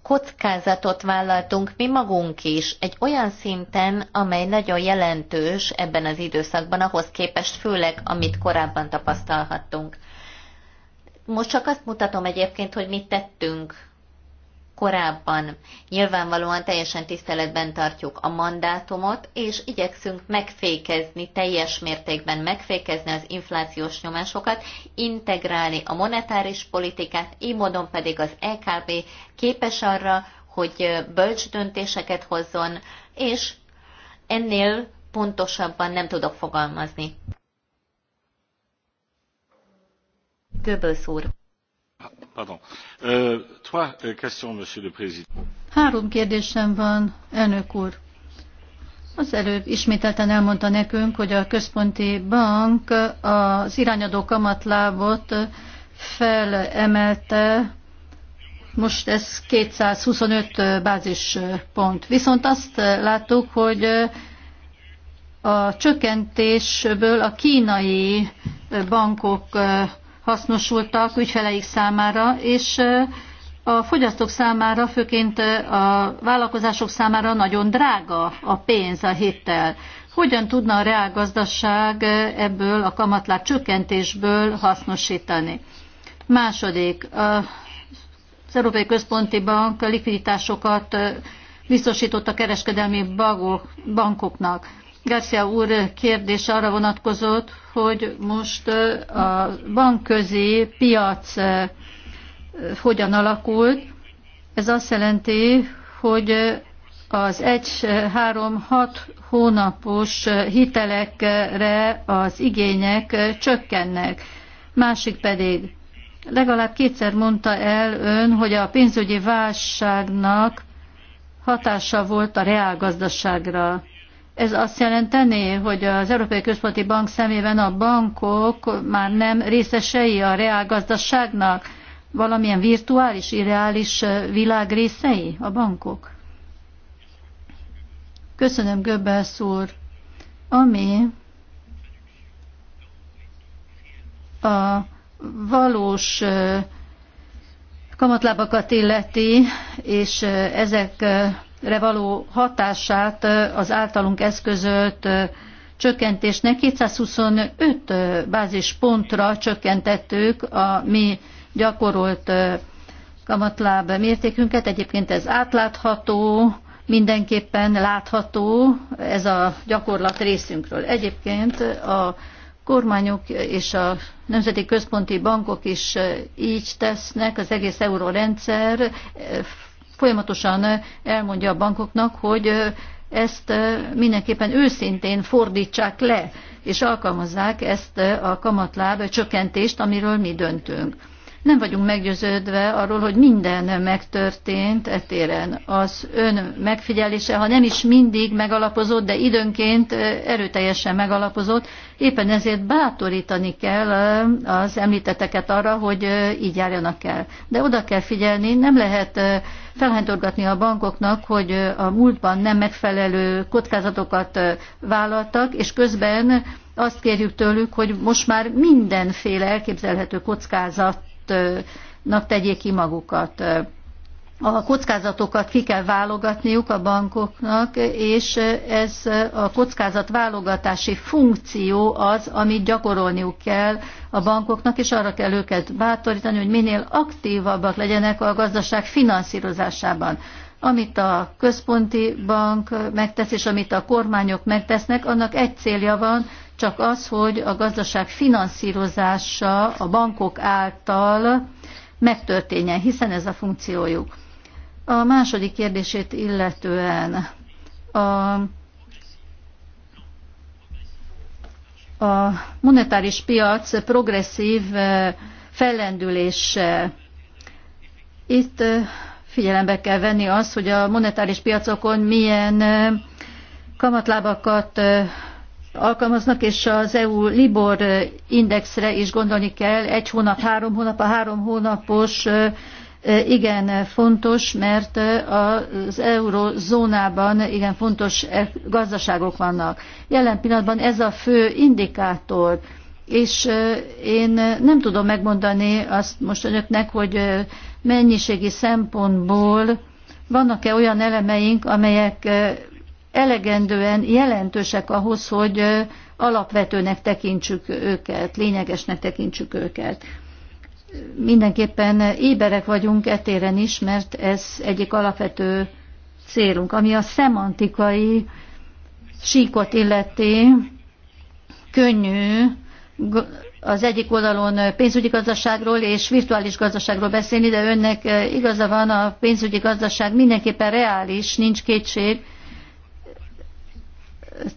Kockázatot vállaltunk mi magunk is, egy olyan szinten, amely nagyon jelentős ebben az időszakban, ahhoz képest főleg, amit korábban tapasztalhattunk. Most csak azt mutatom egyébként, hogy mit tettünk korábban. Nyilvánvalóan teljesen tiszteletben tartjuk a mandátumot, és igyekszünk megfékezni, teljes mértékben megfékezni az inflációs nyomásokat, integrálni a monetáris politikát, így módon pedig az EKB képes arra, hogy bölcs döntéseket hozzon, és ennél pontosabban nem tudok fogalmazni. Ah, euh, euh, Három kérdésem van, elnök úr. Az előbb ismételten elmondta nekünk, hogy a központi bank az irányadó kamatlábot felemelte, most ez 225 bázispont. Viszont azt láttuk, hogy a csökkentésből a kínai bankok hasznosultak ügyfeleik számára, és a fogyasztók számára, főként a vállalkozások számára nagyon drága a pénz, a hittel. Hogyan tudna a reálgazdaság ebből a kamatlát csökkentésből hasznosítani? Második, az Európai Központi Bank likviditásokat biztosított a kereskedelmi bankoknak. Garcia úr kérdés arra vonatkozott, hogy most a bankközi piac hogyan alakult. Ez azt jelenti, hogy az 1-3-6 hónapos hitelekre az igények csökkennek. Másik pedig legalább kétszer mondta el ön, hogy a pénzügyi válságnak hatása volt a reálgazdaságra. Ez azt jelenteni, hogy az Európai Központi Bank szemében a bankok már nem részesei a reálgazdaságnak, valamilyen virtuális, irreális világ részei a bankok? Köszönöm, Göbbelsz úr. Ami a valós kamatlábakat illeti, és ezek való hatását az általunk eszközölt csökkentésnek 225 bázispontra csökkentettük a mi gyakorolt kamatláb mértékünket. Egyébként ez átlátható, mindenképpen látható, ez a gyakorlat részünkről. Egyébként a kormányok és a nemzeti központi bankok is így tesznek, az egész eurórendszer folyamatosan elmondja a bankoknak, hogy ezt mindenképpen őszintén fordítsák le, és alkalmazzák ezt a kamatláb csökkentést, amiről mi döntünk. Nem vagyunk meggyőződve arról, hogy minden megtörtént etéren. Az ön megfigyelése, ha nem is mindig megalapozott, de időnként erőteljesen megalapozott, éppen ezért bátorítani kell az említeteket arra, hogy így járjanak el. De oda kell figyelni, nem lehet felhánytorgatni a bankoknak, hogy a múltban nem megfelelő kockázatokat vállaltak, és közben azt kérjük tőlük, hogy most már mindenféle elképzelhető kockázat nyitottnak tegyék ki magukat. A kockázatokat ki kell válogatniuk a bankoknak, és ez a kockázat válogatási funkció az, amit gyakorolniuk kell a bankoknak, és arra kell őket bátorítani, hogy minél aktívabbak legyenek a gazdaság finanszírozásában. Amit a központi bank megtesz, és amit a kormányok megtesznek, annak egy célja van, csak az, hogy a gazdaság finanszírozása a bankok által megtörténjen, hiszen ez a funkciójuk. A második kérdését illetően a, a monetáris piac progresszív fellendülése. Itt figyelembe kell venni az, hogy a monetáris piacokon milyen kamatlábakat alkalmaznak, és az EU Libor indexre is gondolni kell. Egy hónap, három hónap, a három hónapos igen fontos, mert az eurozónában igen fontos e, gazdaságok vannak. Jelen pillanatban ez a fő indikátor és én nem tudom megmondani azt most önöknek, hogy mennyiségi szempontból vannak-e olyan elemeink, amelyek elegendően jelentősek ahhoz, hogy alapvetőnek tekintsük őket, lényegesnek tekintsük őket. Mindenképpen éberek vagyunk etéren is, mert ez egyik alapvető célunk. Ami a szemantikai síkot illeti, könnyű az egyik oldalon pénzügyi gazdaságról és virtuális gazdaságról beszélni, de önnek igaza van, a pénzügyi gazdaság mindenképpen reális, nincs kétség.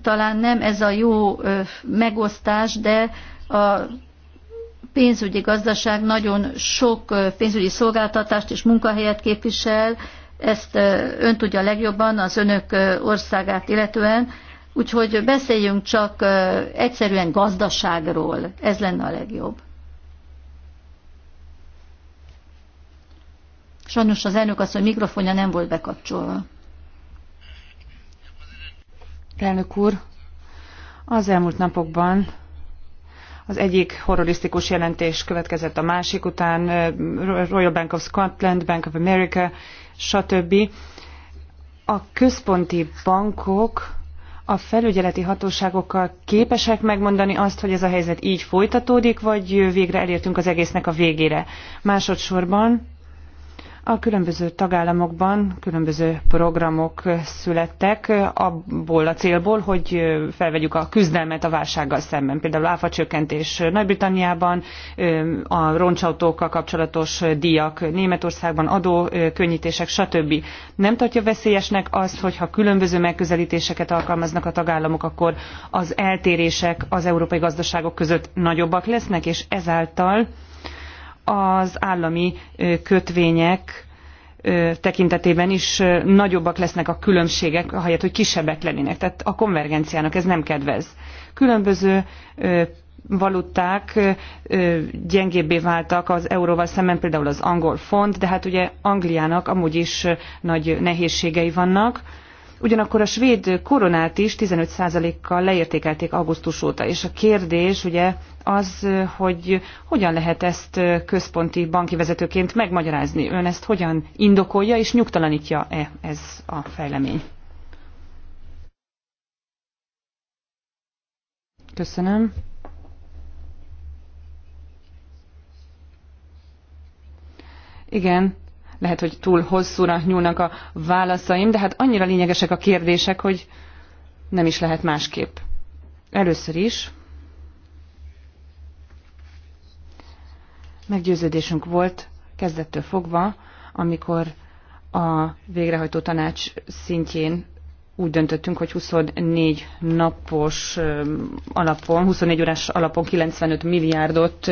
Talán nem ez a jó megosztás, de a pénzügyi gazdaság nagyon sok pénzügyi szolgáltatást és munkahelyet képvisel, ezt ön tudja legjobban az önök országát illetően, Úgyhogy beszéljünk csak egyszerűen gazdaságról, ez lenne a legjobb. Sajnos az elnök azt, hogy mikrofonja nem volt bekapcsolva. Elnök úr, az elmúlt napokban az egyik horrorisztikus jelentés következett a másik után, Royal Bank of Scotland, Bank of America, stb. A központi bankok a felügyeleti hatóságokkal képesek megmondani azt, hogy ez a helyzet így folytatódik, vagy végre elértünk az egésznek a végére. Másodszorban a különböző tagállamokban különböző programok születtek abból a célból, hogy felvegyük a küzdelmet a válsággal szemben. Például csökkentés Nagy-Britanniában, a roncsautókkal kapcsolatos díjak Németországban, adó könnyítések, stb. Nem tartja veszélyesnek azt, hogyha különböző megközelítéseket alkalmaznak a tagállamok, akkor az eltérések az európai gazdaságok között nagyobbak lesznek, és ezáltal az állami kötvények tekintetében is nagyobbak lesznek a különbségek, ahelyett, hogy kisebbek lennének. Tehát a konvergenciának ez nem kedvez. Különböző valuták gyengébbé váltak az euróval szemben, például az angol font, de hát ugye Angliának amúgy is nagy nehézségei vannak, Ugyanakkor a svéd koronát is 15%-kal leértékelték augusztus óta, és a kérdés ugye az, hogy hogyan lehet ezt központi banki vezetőként megmagyarázni. Ön ezt hogyan indokolja és nyugtalanítja-e ez a fejlemény? Köszönöm. Igen, lehet, hogy túl hosszúra nyúlnak a válaszaim, de hát annyira lényegesek a kérdések, hogy nem is lehet másképp. Először is meggyőződésünk volt kezdettől fogva, amikor a végrehajtó tanács szintjén úgy döntöttünk, hogy 24 napos alapon, 24 órás alapon 95 milliárdot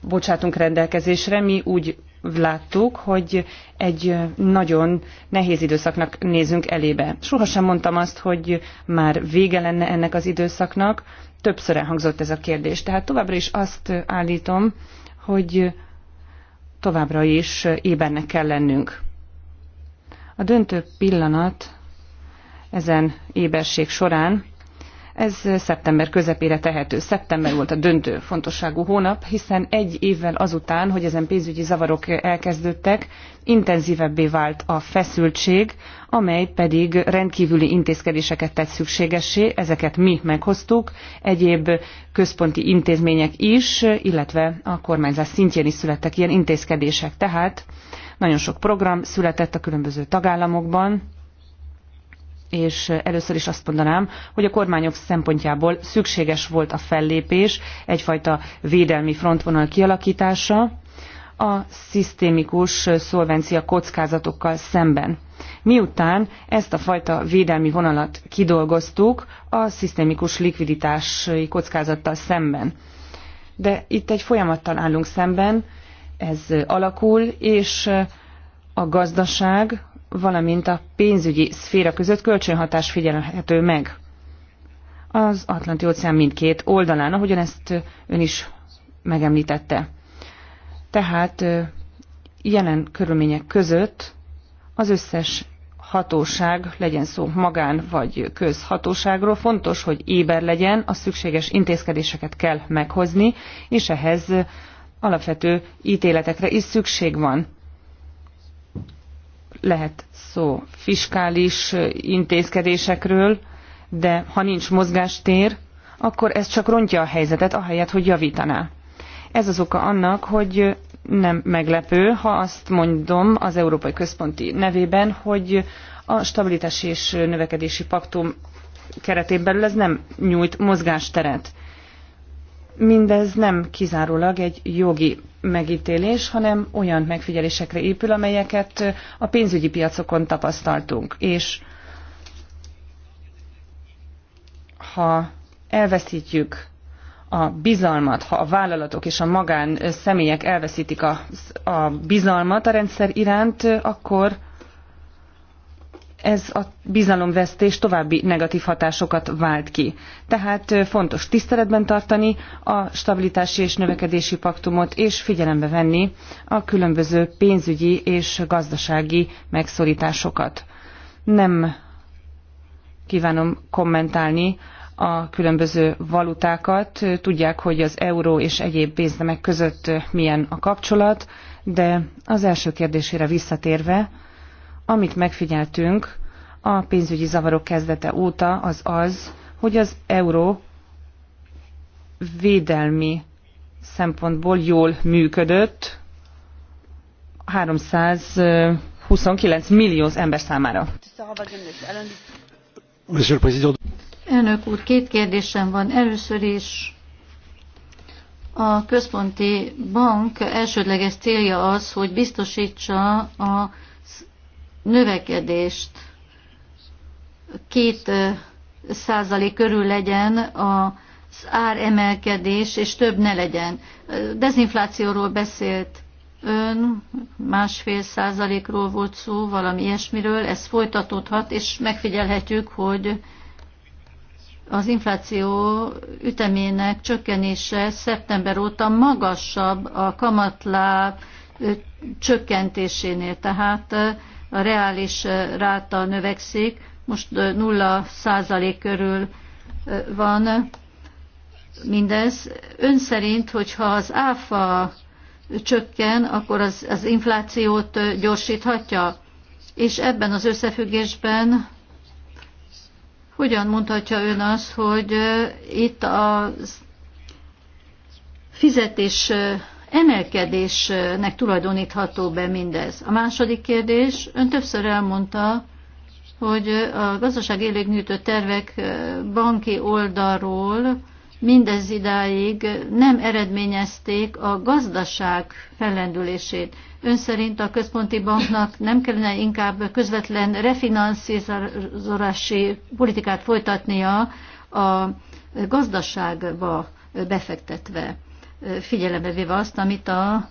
bocsátunk rendelkezésre. Mi úgy láttuk, hogy egy nagyon nehéz időszaknak nézünk elébe. Sohasem mondtam azt, hogy már vége lenne ennek az időszaknak, többször elhangzott ez a kérdés. Tehát továbbra is azt állítom, hogy továbbra is ébernek kell lennünk. A döntő pillanat ezen éberség során ez szeptember közepére tehető. Szeptember volt a döntő fontosságú hónap, hiszen egy évvel azután, hogy ezen pénzügyi zavarok elkezdődtek, intenzívebbé vált a feszültség, amely pedig rendkívüli intézkedéseket tett szükségessé. Ezeket mi meghoztuk, egyéb központi intézmények is, illetve a kormányzás szintjén is születtek ilyen intézkedések. Tehát nagyon sok program született a különböző tagállamokban, és először is azt mondanám, hogy a kormányok szempontjából szükséges volt a fellépés, egyfajta védelmi frontvonal kialakítása a szisztémikus szolvencia kockázatokkal szemben. Miután ezt a fajta védelmi vonalat kidolgoztuk a szisztémikus likviditási kockázattal szemben. De itt egy folyamattal állunk szemben, ez alakul, és a gazdaság, valamint a pénzügyi szféra között kölcsönhatás figyelhető meg az Atlanti-óceán mindkét oldalán, ahogyan ezt ön is megemlítette. Tehát jelen körülmények között az összes hatóság, legyen szó magán vagy közhatóságról, fontos, hogy éber legyen, a szükséges intézkedéseket kell meghozni, és ehhez alapvető ítéletekre is szükség van lehet szó fiskális intézkedésekről, de ha nincs mozgástér, akkor ez csak rontja a helyzetet, ahelyett, hogy javítaná. Ez az oka annak, hogy nem meglepő, ha azt mondom az Európai Központi nevében, hogy a stabilitási és növekedési paktum keretében belül ez nem nyújt mozgásteret. Mindez nem kizárólag egy jogi megítélés, hanem olyan megfigyelésekre épül, amelyeket a pénzügyi piacokon tapasztaltunk. És ha elveszítjük a bizalmat, ha a vállalatok és a magán személyek elveszítik a, a bizalmat a rendszer iránt, akkor ez a bizalomvesztés további negatív hatásokat vált ki. Tehát fontos tiszteletben tartani a stabilitási és növekedési paktumot, és figyelembe venni a különböző pénzügyi és gazdasági megszorításokat. Nem kívánom kommentálni a különböző valutákat. Tudják, hogy az euró és egyéb pénznemek között milyen a kapcsolat, de az első kérdésére visszatérve, amit megfigyeltünk a pénzügyi zavarok kezdete óta, az az, hogy az euró védelmi szempontból jól működött 329 millió ember számára. Elnök úr, két kérdésem van. Először is a központi bank elsődleges célja az, hogy biztosítsa a növekedést két százalék körül legyen az áremelkedés, és több ne legyen. Dezinflációról beszélt ön, másfél százalékról volt szó, valami ilyesmiről, ez folytatódhat, és megfigyelhetjük, hogy az infláció ütemének csökkenése szeptember óta magasabb a kamatláb csökkentésénél. Tehát a reális ráta növekszik, most 0 százalék körül van mindez. Ön szerint, hogyha az áfa csökken, akkor az, az inflációt gyorsíthatja? És ebben az összefüggésben hogyan mondhatja ön azt, hogy itt a fizetés emelkedésnek tulajdonítható be mindez? A második kérdés, ön többször elmondta, hogy a gazdaság élégnyűjtő tervek banki oldalról mindez idáig nem eredményezték a gazdaság fellendülését. Ön szerint a központi banknak nem kellene inkább közvetlen refinanszírozási politikát folytatnia a gazdaságba befektetve figyelembe véve azt, amit a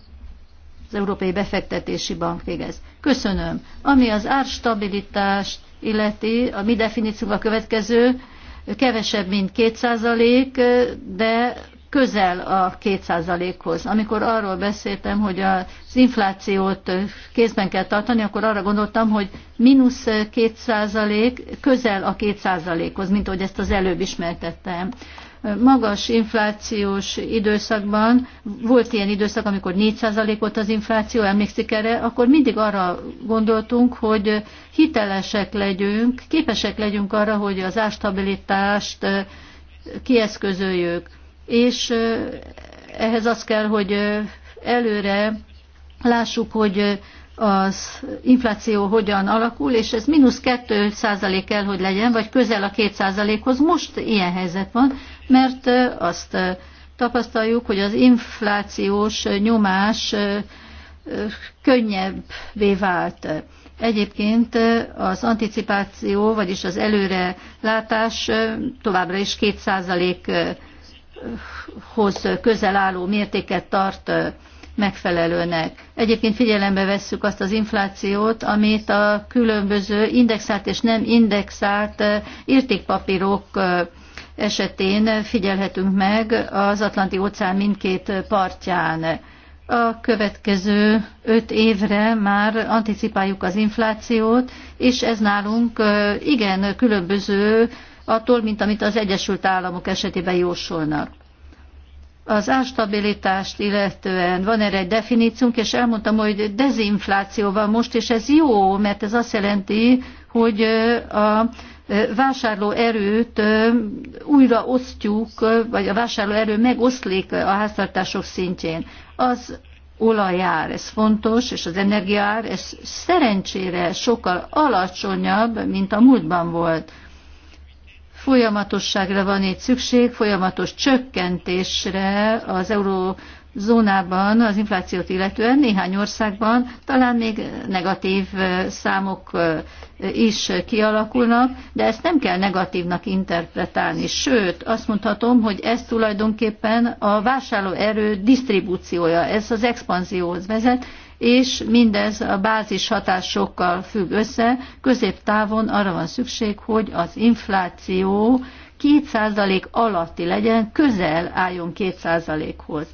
az Európai Befektetési Bank végez. Köszönöm. Ami az árstabilitást illeti, a mi definíciónk a következő, kevesebb, mint 2%, de közel a 2%-hoz. Amikor arról beszéltem, hogy az inflációt kézben kell tartani, akkor arra gondoltam, hogy mínusz 2% közel a 2%-hoz, mint ahogy ezt az előbb ismertettem magas inflációs időszakban, volt ilyen időszak, amikor 4% volt az infláció, emlékszik erre, akkor mindig arra gondoltunk, hogy hitelesek legyünk, képesek legyünk arra, hogy az ástabilitást eh, kieszközöljük. És eh, ehhez az kell, hogy eh, előre lássuk, hogy az infláció hogyan alakul, és ez mínusz 2 százalék kell, hogy legyen, vagy közel a 2 százalékhoz. Most ilyen helyzet van, mert azt tapasztaljuk, hogy az inflációs nyomás könnyebbé vált. Egyébként az anticipáció, vagyis az előre látás továbbra is 2 hoz közel álló mértéket tart megfelelőnek. Egyébként figyelembe vesszük azt az inflációt, amit a különböző indexált és nem indexált eh, értékpapírok eh, esetén figyelhetünk meg az Atlanti óceán mindkét partján. A következő öt évre már anticipáljuk az inflációt, és ez nálunk eh, igen különböző attól, mint amit az Egyesült Államok esetében jósolnak. Az ástabilitást illetően van erre egy definíciónk, és elmondtam, hogy dezinfláció van most, és ez jó, mert ez azt jelenti, hogy a vásárló erőt újra osztjuk, vagy a vásárló erő megoszlik a háztartások szintjén. Az olajár, ez fontos, és az energiaár, ez szerencsére sokkal alacsonyabb, mint a múltban volt folyamatosságra van itt szükség, folyamatos csökkentésre az eurózónában az inflációt illetően néhány országban talán még negatív számok is kialakulnak, de ezt nem kell negatívnak interpretálni. Sőt, azt mondhatom, hogy ez tulajdonképpen a vásárlóerő disztribúciója, ez az expanzióhoz vezet, és mindez a bázis hatásokkal függ össze. Középtávon arra van szükség, hogy az infláció 2% alatti legyen, közel álljon 2%-hoz.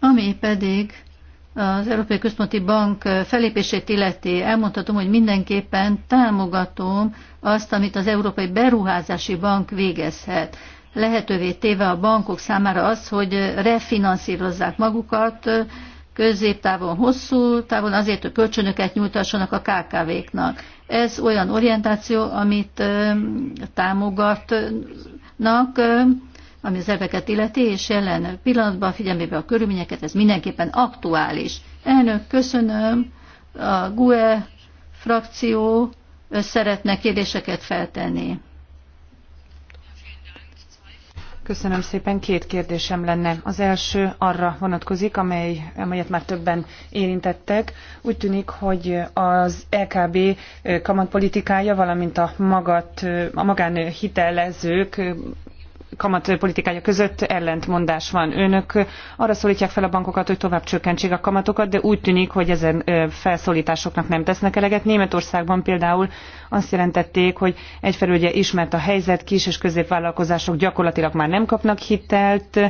Ami pedig az Európai Központi Bank felépését illeti, elmondhatom, hogy mindenképpen támogatom azt, amit az Európai Beruházási Bank végezhet. Lehetővé téve a bankok számára az, hogy refinanszírozzák magukat, középtávon, hosszú távon azért, hogy kölcsönöket nyújtassanak a KKV-knak. Ez olyan orientáció, amit támogatnak, ami az elveket illeti, és jelen pillanatban figyelmébe a körülményeket, ez mindenképpen aktuális. Elnök, köszönöm, a GUE frakció szeretne kérdéseket feltenni. Köszönöm szépen. Két kérdésem lenne. Az első arra vonatkozik, amely, amelyet már többen érintettek. Úgy tűnik, hogy az LKB e kamatpolitikája, valamint a, magat, a magánhitelezők kamatpolitikája között ellentmondás van. Önök arra szólítják fel a bankokat, hogy tovább csökkentsék a kamatokat, de úgy tűnik, hogy ezen felszólításoknak nem tesznek eleget. Németországban például azt jelentették, hogy egyfelől ugye ismert a helyzet, kis és középvállalkozások gyakorlatilag már nem kapnak hitelt,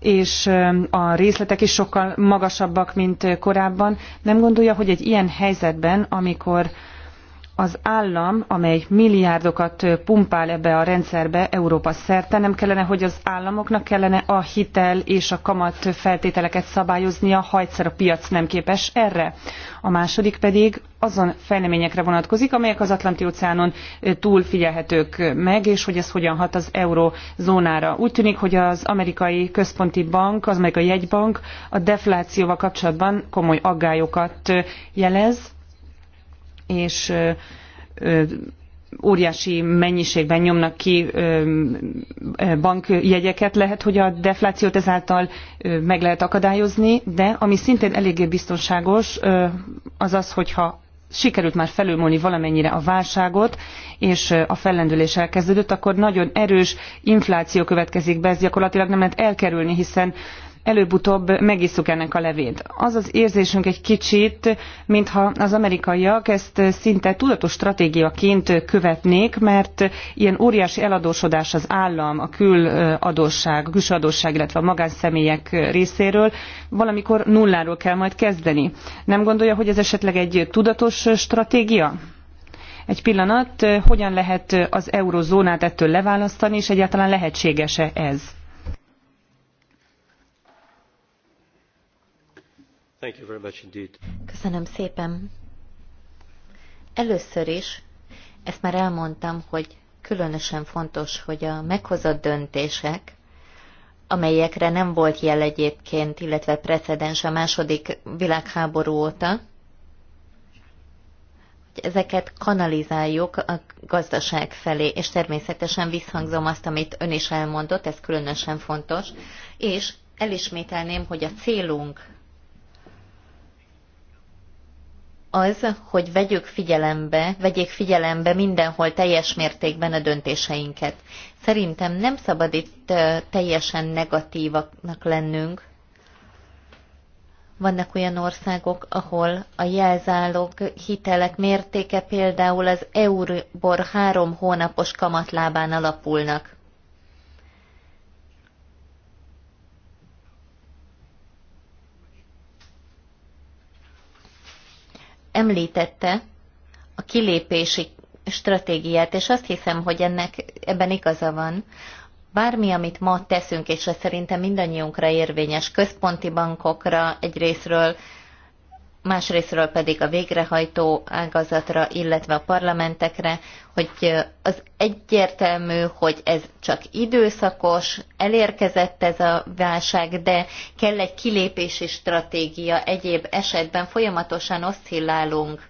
és a részletek is sokkal magasabbak, mint korábban. Nem gondolja, hogy egy ilyen helyzetben, amikor az állam, amely milliárdokat pumpál ebbe a rendszerbe Európa szerte, nem kellene, hogy az államoknak kellene a hitel és a kamat feltételeket szabályoznia, ha egyszer a piac nem képes erre. A második pedig azon fejleményekre vonatkozik, amelyek az Atlanti-óceánon túl figyelhetők meg, és hogy ez hogyan hat az eurozónára. Úgy tűnik, hogy az amerikai központi bank, az meg a jegybank a deflációval kapcsolatban komoly aggályokat jelez, és óriási mennyiségben nyomnak ki bankjegyeket, lehet, hogy a deflációt ezáltal meg lehet akadályozni, de ami szintén eléggé biztonságos, az az, hogyha sikerült már felülmúlni valamennyire a válságot, és a fellendülés elkezdődött, akkor nagyon erős infláció következik be, ez gyakorlatilag nem lehet elkerülni, hiszen előbb-utóbb megisszuk ennek a levét. Az az érzésünk egy kicsit, mintha az amerikaiak ezt szinte tudatos stratégiaként követnék, mert ilyen óriási eladósodás az állam, a küladósság, a külső adósság, illetve a magánszemélyek részéről valamikor nulláról kell majd kezdeni. Nem gondolja, hogy ez esetleg egy tudatos stratégia? Egy pillanat, hogyan lehet az eurozónát ettől leválasztani, és egyáltalán lehetséges-e ez? Thank you very much indeed. Köszönöm szépen. Először is, ezt már elmondtam, hogy különösen fontos, hogy a meghozott döntések, amelyekre nem volt jel egyébként, illetve precedens a második világháború óta, hogy ezeket kanalizáljuk a gazdaság felé, és természetesen visszhangzom azt, amit ön is elmondott, ez különösen fontos, és elismételném, hogy a célunk az, hogy vegyük figyelembe, vegyék figyelembe mindenhol teljes mértékben a döntéseinket. Szerintem nem szabad itt teljesen negatívaknak lennünk. Vannak olyan országok, ahol a jelzálog hitelek mértéke például az Euribor három hónapos kamatlábán alapulnak. említette a kilépési stratégiát, és azt hiszem, hogy ennek ebben igaza van. Bármi, amit ma teszünk, és ez szerintem mindannyiunkra érvényes, központi bankokra egyrésztről, másrésztről pedig a végrehajtó ágazatra, illetve a parlamentekre, hogy az egyértelmű, hogy ez csak időszakos, elérkezett ez a válság, de kell egy kilépési stratégia, egyéb esetben folyamatosan oszcillálunk.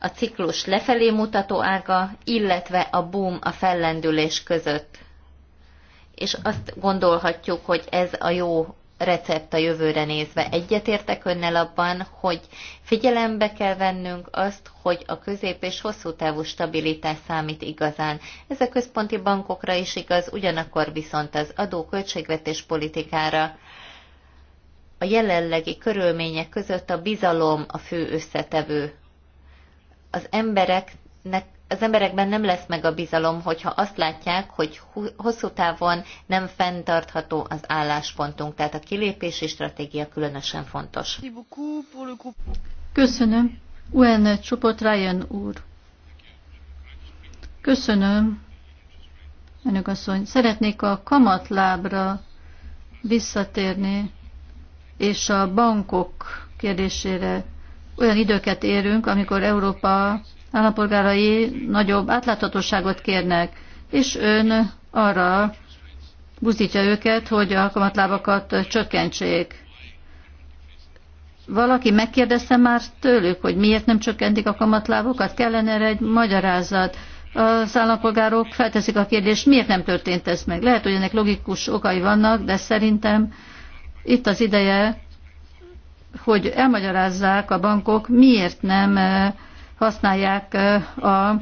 A ciklus lefelé mutató ága, illetve a boom a fellendülés között és azt gondolhatjuk, hogy ez a jó recept a jövőre nézve. Egyetértek önnel abban, hogy figyelembe kell vennünk azt, hogy a közép és hosszú távú stabilitás számít igazán. Ez a központi bankokra is igaz, ugyanakkor viszont az adó költségvetés politikára. A jelenlegi körülmények között a bizalom a fő összetevő. Az embereknek az emberekben nem lesz meg a bizalom, hogyha azt látják, hogy hosszú távon nem fenntartható az álláspontunk. Tehát a kilépési stratégia különösen fontos. Köszönöm. UN csoport Ryan úr. Köszönöm. Önök asszony, szeretnék a kamatlábra visszatérni, és a bankok kérdésére olyan időket érünk, amikor Európa állampolgárai nagyobb átláthatóságot kérnek, és ön arra buzdítja őket, hogy a kamatlábakat csökkentsék. Valaki megkérdezte már tőlük, hogy miért nem csökkentik a kamatlábokat? Kellene erre egy magyarázat. Az állampolgárok felteszik a kérdést, miért nem történt ez meg. Lehet, hogy ennek logikus okai vannak, de szerintem itt az ideje, hogy elmagyarázzák a bankok, miért nem eh, használják a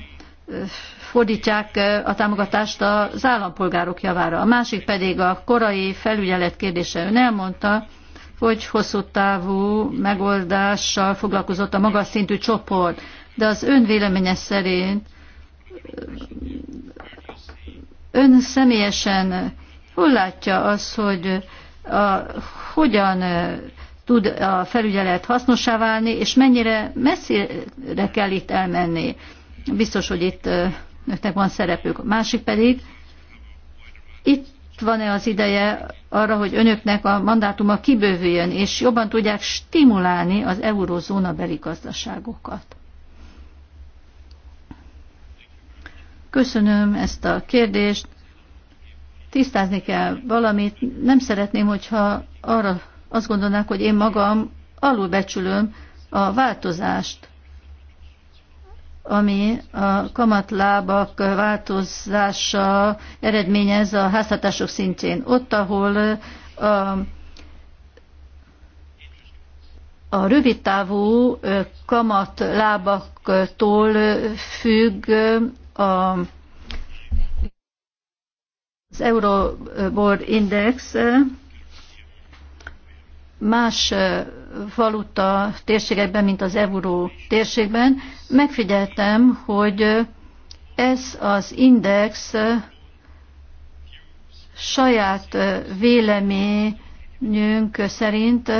fordítják a támogatást az állampolgárok javára. A másik pedig a korai felügyelet kérdése. Ön elmondta, hogy hosszú távú megoldással foglalkozott a magas szintű csoport, de az ön véleménye szerint ön személyesen hol látja az, hogy a, hogyan tud a felügyelet hasznosá válni, és mennyire messzire kell itt elmenni. Biztos, hogy itt önöknek van szerepük. másik pedig, itt van-e az ideje arra, hogy önöknek a mandátuma kibővüljön, és jobban tudják stimulálni az eurozóna beli gazdaságokat? Köszönöm ezt a kérdést. Tisztázni kell valamit. Nem szeretném, hogyha arra azt gondolnák, hogy én magam alulbecsülöm a változást, ami a kamatlábak változása eredményez a háztartások szintjén. Ott, ahol a a rövidtávú kamatlábaktól függ a, az Euróbor Index más valuta térségekben, mint az euró térségben, megfigyeltem, hogy ez az index saját véleményünk szerint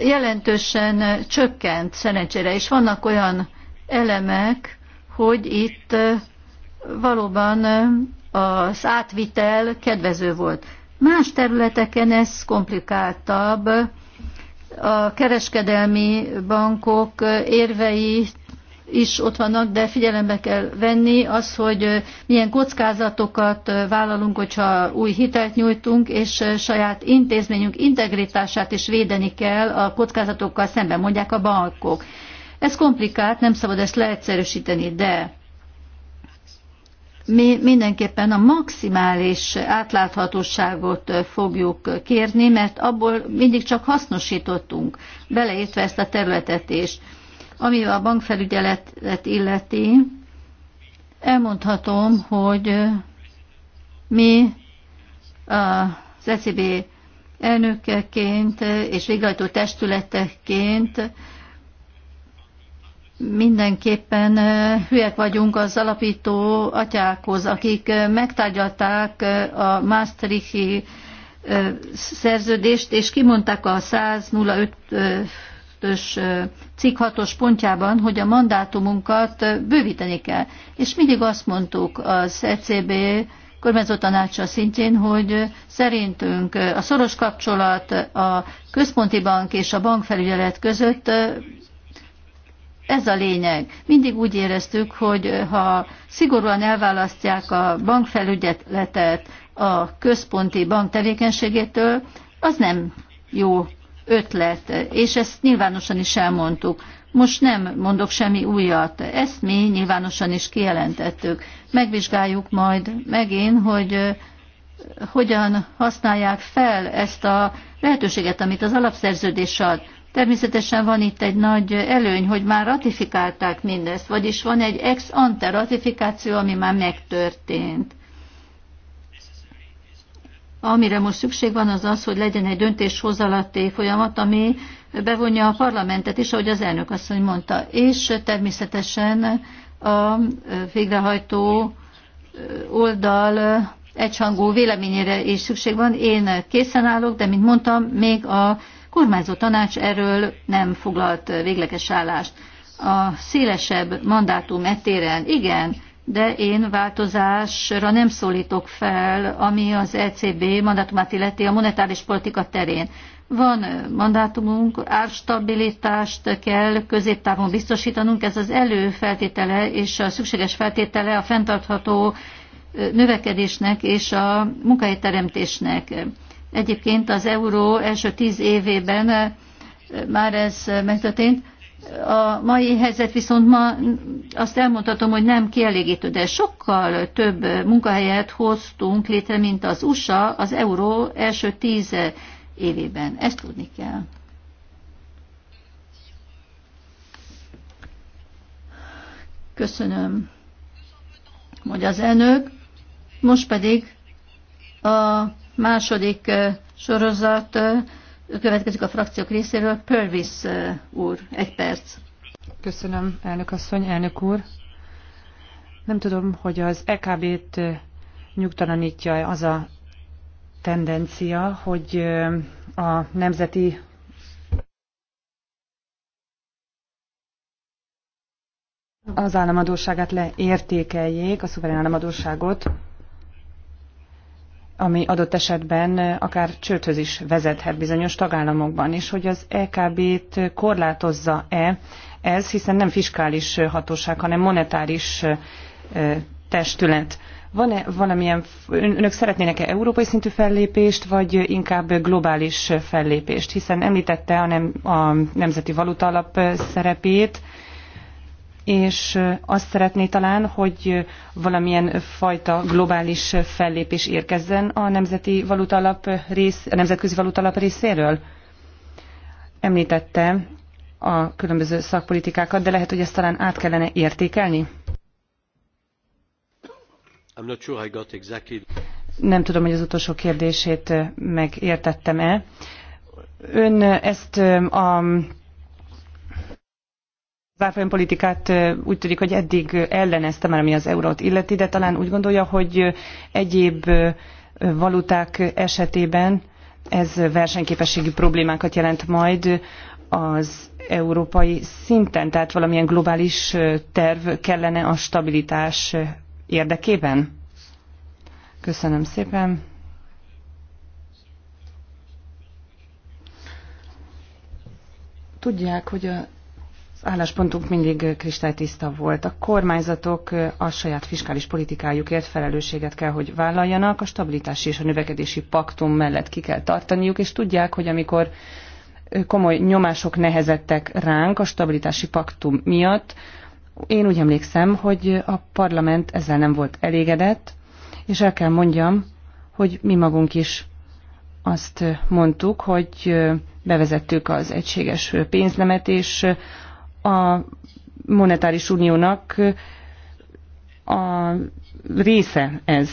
jelentősen csökkent szerencsére, és vannak olyan elemek, hogy itt valóban az átvitel kedvező volt. Más területeken ez komplikáltabb, a kereskedelmi bankok érvei is ott vannak, de figyelembe kell venni az, hogy milyen kockázatokat vállalunk, hogyha új hitelt nyújtunk, és saját intézményünk integritását is védeni kell a kockázatokkal szemben, mondják a bankok. Ez komplikált, nem szabad ezt leegyszerűsíteni, de mi mindenképpen a maximális átláthatóságot fogjuk kérni, mert abból mindig csak hasznosítottunk, beleértve ezt a területet is. Ami a bankfelügyeletet illeti, elmondhatom, hogy mi az ECB elnökeként és végrehajtó testületeként mindenképpen hülyek vagyunk az alapító atyákhoz, akik megtárgyalták a Maastrichti szerződést, és kimondták a 105-ös cikk 6 pontjában, hogy a mandátumunkat bővíteni kell. És mindig azt mondtuk az ECB kormányzó tanácsa szintjén, hogy szerintünk a szoros kapcsolat a központi bank és a bankfelügyelet között ez a lényeg. Mindig úgy éreztük, hogy ha szigorúan elválasztják a bankfelügyeletet a központi bank tevékenységétől, az nem jó ötlet, és ezt nyilvánosan is elmondtuk. Most nem mondok semmi újat, ezt mi nyilvánosan is kijelentettük. Megvizsgáljuk majd megint, hogy hogyan használják fel ezt a lehetőséget, amit az alapszerződés ad. Természetesen van itt egy nagy előny, hogy már ratifikálták mindezt, vagyis van egy ex ante ratifikáció, ami már megtörtént. Amire most szükség van az az, hogy legyen egy döntéshozalatti folyamat, ami bevonja a parlamentet is, ahogy az elnök asszony mondta, és természetesen a végrehajtó oldal egyhangú véleményére is szükség van. Én készen állok, de mint mondtam, még a kormányzó tanács erről nem foglalt végleges állást. A szélesebb mandátum etéren igen, de én változásra nem szólítok fel, ami az ECB mandátumát illeti a monetáris politika terén. Van mandátumunk, árstabilitást kell középtávon biztosítanunk, ez az előfeltétele és a szükséges feltétele a fenntartható növekedésnek és a munkahelyteremtésnek. teremtésnek Egyébként az euró első tíz évében már ez megtörtént. A mai helyzet viszont ma azt elmondhatom, hogy nem kielégítő, de sokkal több munkahelyet hoztunk létre, mint az USA az euró első tíz évében. Ezt tudni kell. Köszönöm, hogy az elnök. Most pedig a Második sorozat következik a frakciók részéről. Pörvis úr, egy perc. Köszönöm, elnök asszony, elnök úr. Nem tudom, hogy az EKB-t nyugtalanítja az a tendencia, hogy a nemzeti az államadóságát leértékeljék, a szuverén államadóságot, ami adott esetben akár csődhöz is vezethet bizonyos tagállamokban, és hogy az EKB-t korlátozza-e ez, hiszen nem fiskális hatóság, hanem monetáris testület. Van-e valamilyen, önök szeretnének-e európai szintű fellépést, vagy inkább globális fellépést? Hiszen említette a, nem, a Nemzeti Valuta Alap szerepét, és azt szeretné talán, hogy valamilyen fajta globális fellépés érkezzen a nemzeti valutalap rész, a nemzetközi valutalap részéről. Említette a különböző szakpolitikákat, de lehet, hogy ezt talán át kellene értékelni? Sure exactly... Nem tudom, hogy az utolsó kérdését megértettem-e. Ön ezt a árfolyampolitikát úgy tűnik, hogy eddig ellenezte már, ami az eurót illeti, de talán úgy gondolja, hogy egyéb valuták esetében ez versenyképességi problémákat jelent majd az európai szinten, tehát valamilyen globális terv kellene a stabilitás érdekében? Köszönöm szépen. Tudják, hogy a az álláspontunk mindig kristálytiszta volt. A kormányzatok a saját fiskális politikájukért felelősséget kell, hogy vállaljanak, a stabilitási és a növekedési paktum mellett ki kell tartaniuk, és tudják, hogy amikor komoly nyomások nehezettek ránk a stabilitási paktum miatt, én úgy emlékszem, hogy a parlament ezzel nem volt elégedett, és el kell mondjam, hogy mi magunk is azt mondtuk, hogy bevezettük az egységes pénznemet, és a monetáris uniónak a része ez,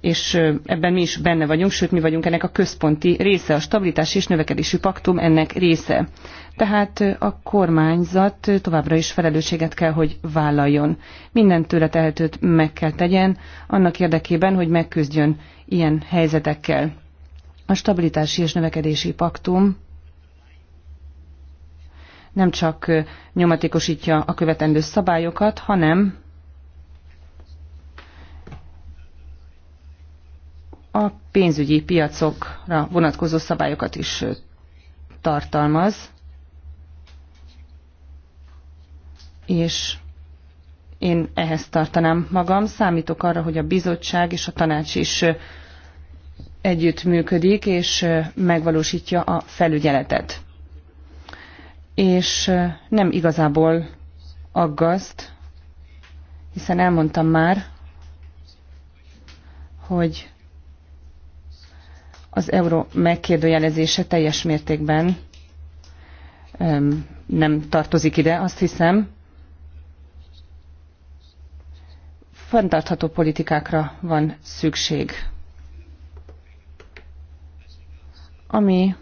és ebben mi is benne vagyunk, sőt mi vagyunk ennek a központi része, a stabilitási és növekedési paktum ennek része. Tehát a kormányzat továbbra is felelősséget kell, hogy vállaljon. Minden tőle tehetőt meg kell tegyen, annak érdekében, hogy megküzdjön ilyen helyzetekkel. A stabilitási és növekedési paktum nem csak nyomatékosítja a követendő szabályokat, hanem a pénzügyi piacokra vonatkozó szabályokat is tartalmaz, és én ehhez tartanám magam. Számítok arra, hogy a bizottság és a tanács is együttműködik, és megvalósítja a felügyeletet és nem igazából aggaszt, hiszen elmondtam már, hogy az euró megkérdőjelezése teljes mértékben nem tartozik ide, azt hiszem. Fenntartható politikákra van szükség. Ami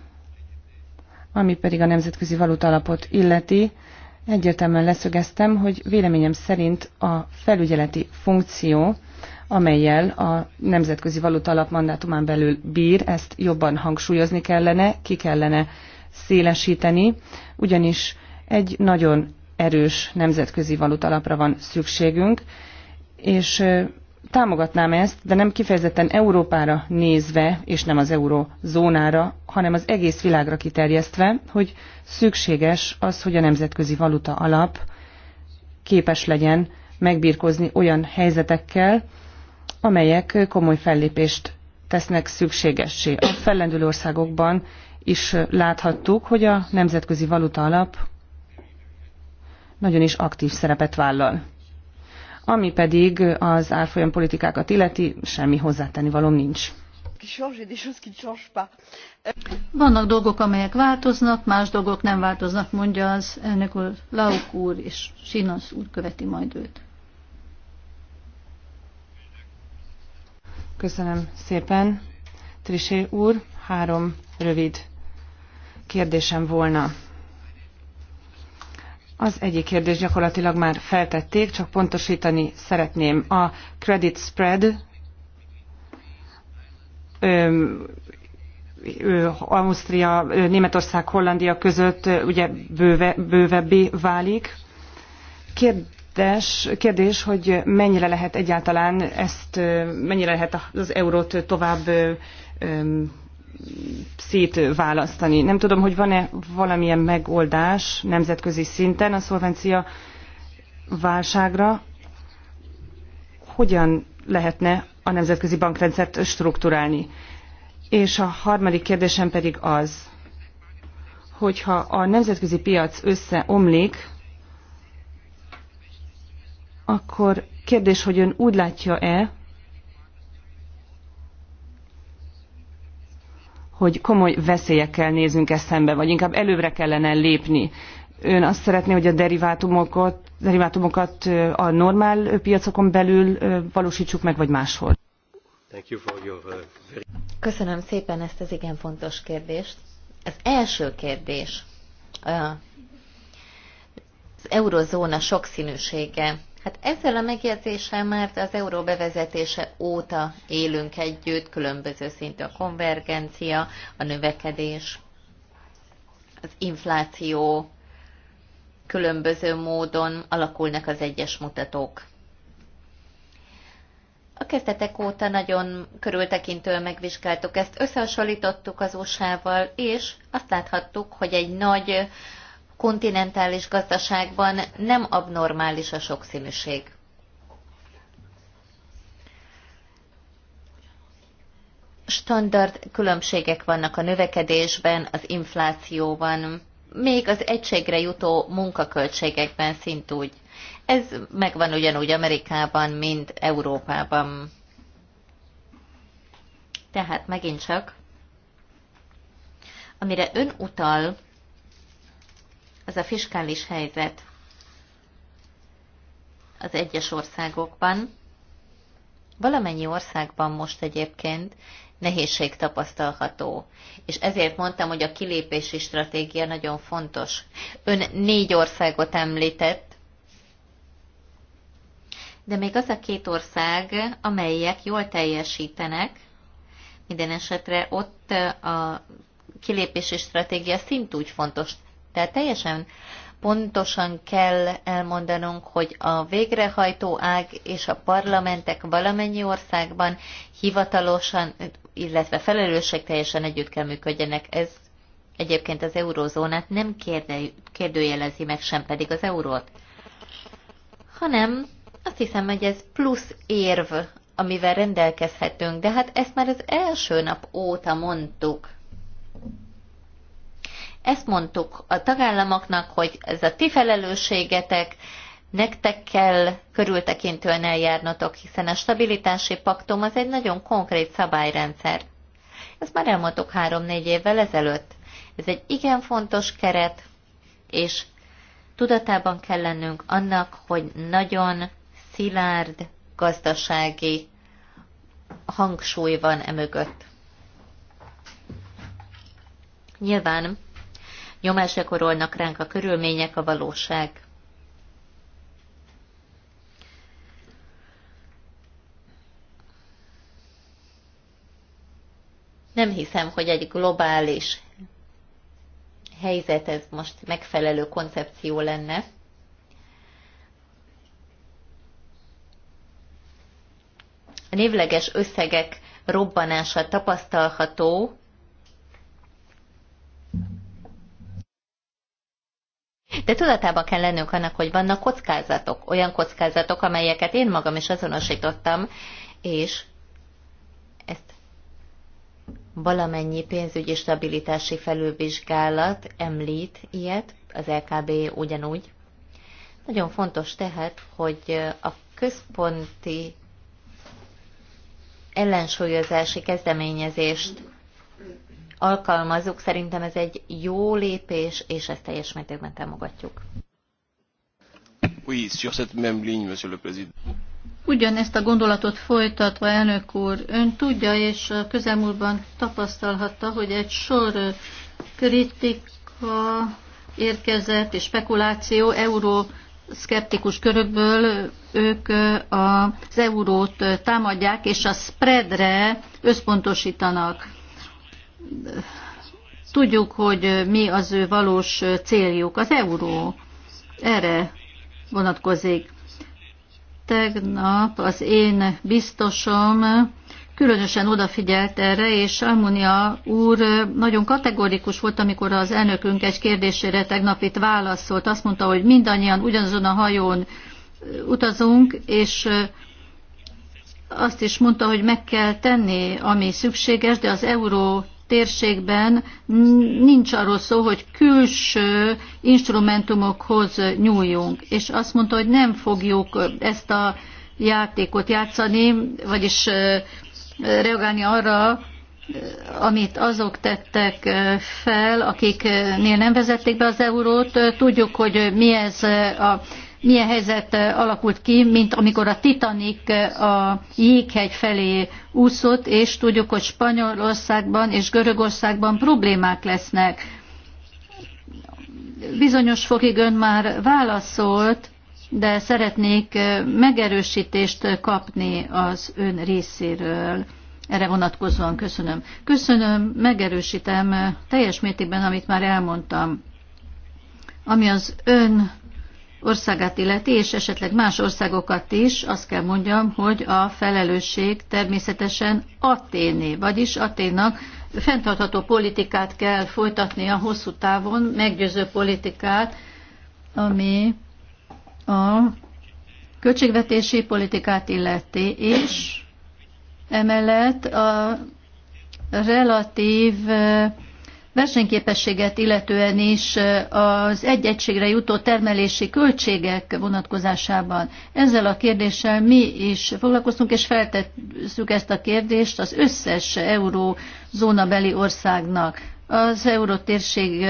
ami pedig a Nemzetközi Valutalapot illeti, egyértelműen leszögeztem, hogy véleményem szerint a felügyeleti funkció, amelyel a Nemzetközi Valutalap mandátumán belül bír, ezt jobban hangsúlyozni kellene, ki kellene szélesíteni, ugyanis egy nagyon erős nemzetközi valutalapra van szükségünk, és támogatnám ezt, de nem kifejezetten Európára nézve, és nem az eurozónára, hanem az egész világra kiterjesztve, hogy szükséges az, hogy a nemzetközi valuta alap képes legyen megbírkozni olyan helyzetekkel, amelyek komoly fellépést tesznek szükségessé. A fellendülő országokban is láthattuk, hogy a nemzetközi valuta alap nagyon is aktív szerepet vállal. Ami pedig az árfolyam politikákat illeti, semmi hozzátenni valom nincs. Vannak dolgok, amelyek változnak, más dolgok nem változnak, mondja az elnök úr, Lauk úr és Sinasz úr követi majd őt. Köszönöm szépen. Trisé úr, három rövid kérdésem volna. Az egyik kérdés gyakorlatilag már feltették, csak pontosítani szeretném. A credit spread öm, Ausztria, Németország, Hollandia között ugye bőve, bővebbé válik. Kérdés, kérdés, hogy mennyire lehet egyáltalán ezt, mennyire lehet az eurót tovább szétválasztani. Nem tudom, hogy van-e valamilyen megoldás nemzetközi szinten a szolvencia válságra. Hogyan lehetne a nemzetközi bankrendszert strukturálni? És a harmadik kérdésem pedig az, hogyha a nemzetközi piac összeomlik, akkor kérdés, hogy ön úgy látja-e, hogy komoly veszélyekkel nézünk ezt szembe, vagy inkább előbbre kellene lépni. Ön azt szeretné, hogy a derivátumokat, derivátumokat a normál piacokon belül valósítsuk meg, vagy máshol? Uh, Köszönöm szépen ezt az igen fontos kérdést. Az első kérdés az eurozóna sokszínűsége Hát ezzel a megjegyzéssel már az euró bevezetése óta élünk együtt, különböző szintű a konvergencia, a növekedés, az infláció, különböző módon alakulnak az egyes mutatók. A kezdetek óta nagyon körültekintően megvizsgáltuk ezt, összehasonlítottuk az USA-val, és azt láthattuk, hogy egy nagy kontinentális gazdaságban nem abnormális a sokszínűség. Standard különbségek vannak a növekedésben, az inflációban, még az egységre jutó munkaköltségekben szintúgy. Ez megvan ugyanúgy Amerikában, mint Európában. Tehát megint csak, amire ön utal, az a fiskális helyzet az egyes országokban. Valamennyi országban most egyébként nehézség tapasztalható. És ezért mondtam, hogy a kilépési stratégia nagyon fontos. Ön négy országot említett, de még az a két ország, amelyek jól teljesítenek, minden esetre ott a kilépési stratégia szintúgy fontos tehát teljesen pontosan kell elmondanunk, hogy a végrehajtó ág és a parlamentek valamennyi országban hivatalosan, illetve teljesen együtt kell működjenek. Ez egyébként az eurózónát nem kérde, kérdőjelezi meg, sem pedig az eurót. Hanem azt hiszem, hogy ez plusz érv, amivel rendelkezhetünk, de hát ezt már az első nap óta mondtuk, ezt mondtuk a tagállamoknak, hogy ez a ti felelősségetek, nektek kell körültekintően eljárnotok, hiszen a stabilitási paktum az egy nagyon konkrét szabályrendszer. Ezt már elmondtuk három-négy évvel ezelőtt. Ez egy igen fontos keret, és tudatában kell lennünk annak, hogy nagyon szilárd gazdasági hangsúly van emögött. Nyilván nyomásra gyakorolnak ránk a körülmények, a valóság. Nem hiszem, hogy egy globális helyzet ez most megfelelő koncepció lenne. A névleges összegek robbanása tapasztalható, de tudatában kell lennünk annak, hogy vannak kockázatok, olyan kockázatok, amelyeket én magam is azonosítottam, és ezt valamennyi pénzügyi stabilitási felülvizsgálat említ ilyet, az LKB ugyanúgy. Nagyon fontos tehát, hogy a központi ellensúlyozási kezdeményezést alkalmazzuk. Szerintem ez egy jó lépés, és ezt teljes mértékben támogatjuk. Oui, sur cette même ligne, monsieur le président. Ugyanezt a gondolatot folytatva, elnök úr, ön tudja és a közelmúltban tapasztalhatta, hogy egy sor kritika érkezett és spekuláció euró szkeptikus körökből ők az eurót támadják, és a spreadre összpontosítanak tudjuk, hogy mi az ő valós céljuk. Az euró erre vonatkozik. Tegnap az én biztosom különösen odafigyelt erre, és Almunia úr nagyon kategórikus volt, amikor az elnökünk egy kérdésére tegnap itt válaszolt. Azt mondta, hogy mindannyian ugyanazon a hajón utazunk, és azt is mondta, hogy meg kell tenni, ami szükséges, de az euró térségben nincs arról szó, hogy külső instrumentumokhoz nyúljunk. És azt mondta, hogy nem fogjuk ezt a játékot játszani, vagyis reagálni arra, amit azok tettek fel, akiknél nem vezették be az eurót. Tudjuk, hogy mi ez a milyen helyzet eh, alakult ki, mint amikor a Titanic eh, a jéghegy felé úszott, és tudjuk, hogy Spanyolországban és Görögországban problémák lesznek. Bizonyos fokig ön már válaszolt, de szeretnék eh, megerősítést kapni az ön részéről. Erre vonatkozóan köszönöm. Köszönöm, megerősítem teljes mértékben, amit már elmondtam. Ami az ön országát illeti, és esetleg más országokat is, azt kell mondjam, hogy a felelősség természetesen Aténé, vagyis Aténnak fenntartható politikát kell folytatni a hosszú távon, meggyőző politikát, ami a költségvetési politikát illeti, és emellett a relatív uh, versenyképességet illetően is az egy egységre jutó termelési költségek vonatkozásában. Ezzel a kérdéssel mi is foglalkoztunk, és feltettük ezt a kérdést az összes beli országnak. Az eurótérség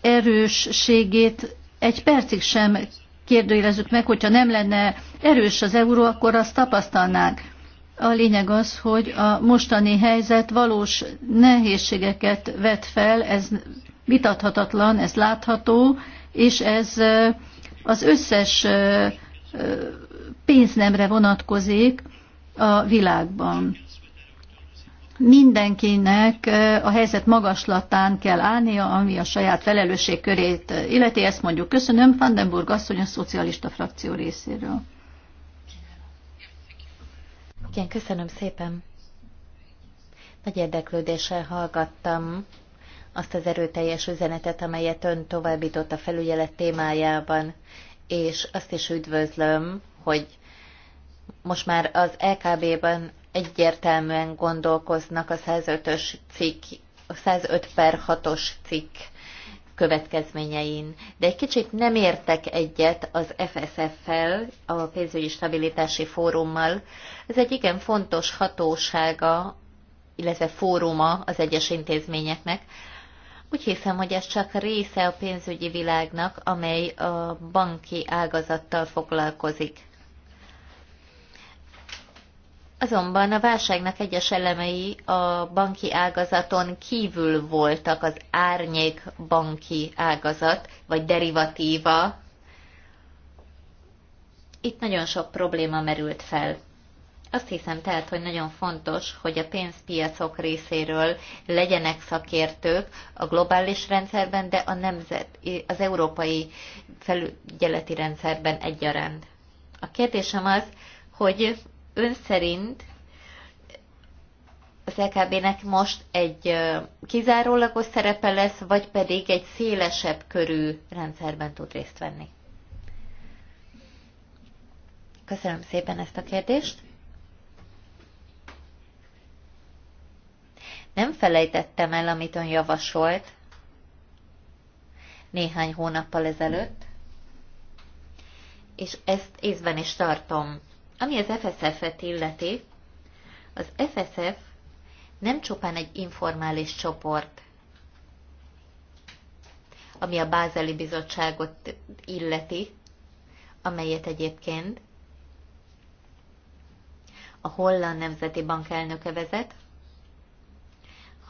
erősségét egy percig sem kérdőjelezzük meg, hogyha nem lenne erős az euró, akkor azt tapasztalnánk. A lényeg az, hogy a mostani helyzet valós nehézségeket vet fel, ez vitathatatlan, ez látható, és ez az összes pénznemre vonatkozik a világban. Mindenkinek a helyzet magaslatán kell állnia, ami a saját felelősség körét illeti. Ezt mondjuk köszönöm Vandenburg asszony a szocialista frakció részéről. Igen, köszönöm szépen. Nagy érdeklődéssel hallgattam azt az erőteljes üzenetet, amelyet ön továbbított a felügyelet témájában, és azt is üdvözlöm, hogy most már az LKB-ben egyértelműen gondolkoznak a 105-ös cikk, a 105 per 6-os cikk következményein. De egy kicsit nem értek egyet az FSF-fel, a pénzügyi stabilitási fórummal, ez egy igen fontos hatósága, illetve fóruma az egyes intézményeknek. Úgy hiszem, hogy ez csak része a pénzügyi világnak, amely a banki ágazattal foglalkozik. Azonban a válságnak egyes elemei a banki ágazaton kívül voltak az árnyék banki ágazat, vagy derivatíva. Itt nagyon sok probléma merült fel. Azt hiszem tehát, hogy nagyon fontos, hogy a pénzpiacok részéről legyenek szakértők a globális rendszerben, de a nemzet, az európai felügyeleti rendszerben egyaránt. A kérdésem az, hogy ön szerint az LKB-nek most egy kizárólagos szerepe lesz, vagy pedig egy szélesebb körű rendszerben tud részt venni? Köszönöm szépen ezt a kérdést. Nem felejtettem el, amit ön javasolt néhány hónappal ezelőtt, és ezt észben is tartom. Ami az FSF-et illeti, az FSF nem csupán egy informális csoport, ami a Bázeli Bizottságot illeti, amelyet egyébként a holland nemzeti bank elnöke vezet,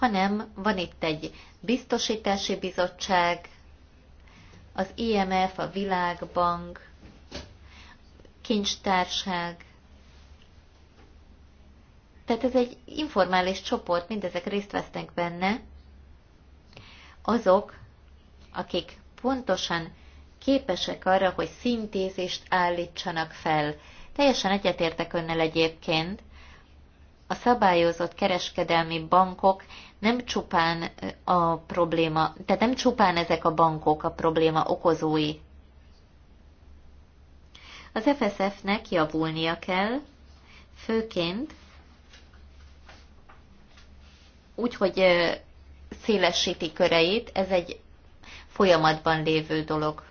hanem van itt egy biztosítási bizottság, az IMF, a Világbank, kincstárság. Tehát ez egy informális csoport, mindezek részt vesznek benne. Azok, akik pontosan képesek arra, hogy szintézést állítsanak fel. Teljesen egyetértek önnel egyébként, a szabályozott kereskedelmi bankok nem csupán a probléma, tehát nem csupán ezek a bankok a probléma okozói. Az FSF-nek javulnia kell, főként úgy, hogy szélesíti köreit, ez egy folyamatban lévő dolog.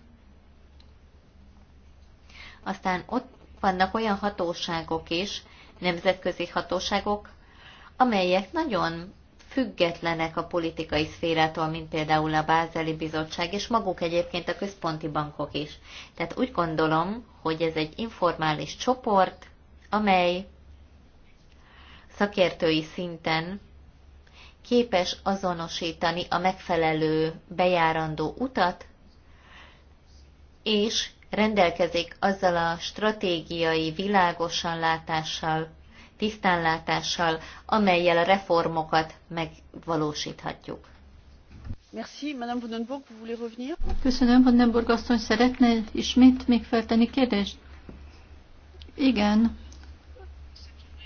Aztán ott vannak olyan hatóságok is, nemzetközi hatóságok, amelyek nagyon függetlenek a politikai szférától, mint például a Bázeli Bizottság, és maguk egyébként a központi bankok is. Tehát úgy gondolom, hogy ez egy informális csoport, amely szakértői szinten képes azonosítani a megfelelő bejárandó utat, és rendelkezik azzal a stratégiai, világosan látással, tisztánlátással, amelyel a reformokat megvalósíthatjuk. Merci, Madame Vandenborg, vous voulez revenir? Köszönöm, Vandenborg asszony, szeretne ismét még feltenni kérdést? Igen.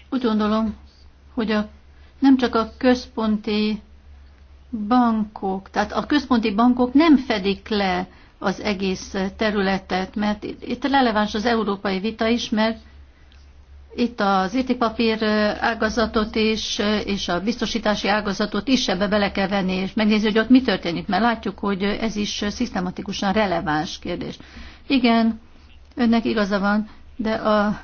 Úgy gondolom, hogy a, nem csak a központi bankok, tehát a központi bankok nem fedik le az egész területet, mert itt releváns az európai vita is, mert itt az értékpapír ágazatot is, és a biztosítási ágazatot is ebbe bele kell venni, és megnézni, hogy ott mi történik, mert látjuk, hogy ez is szisztematikusan releváns kérdés. Igen, önnek igaza van, de a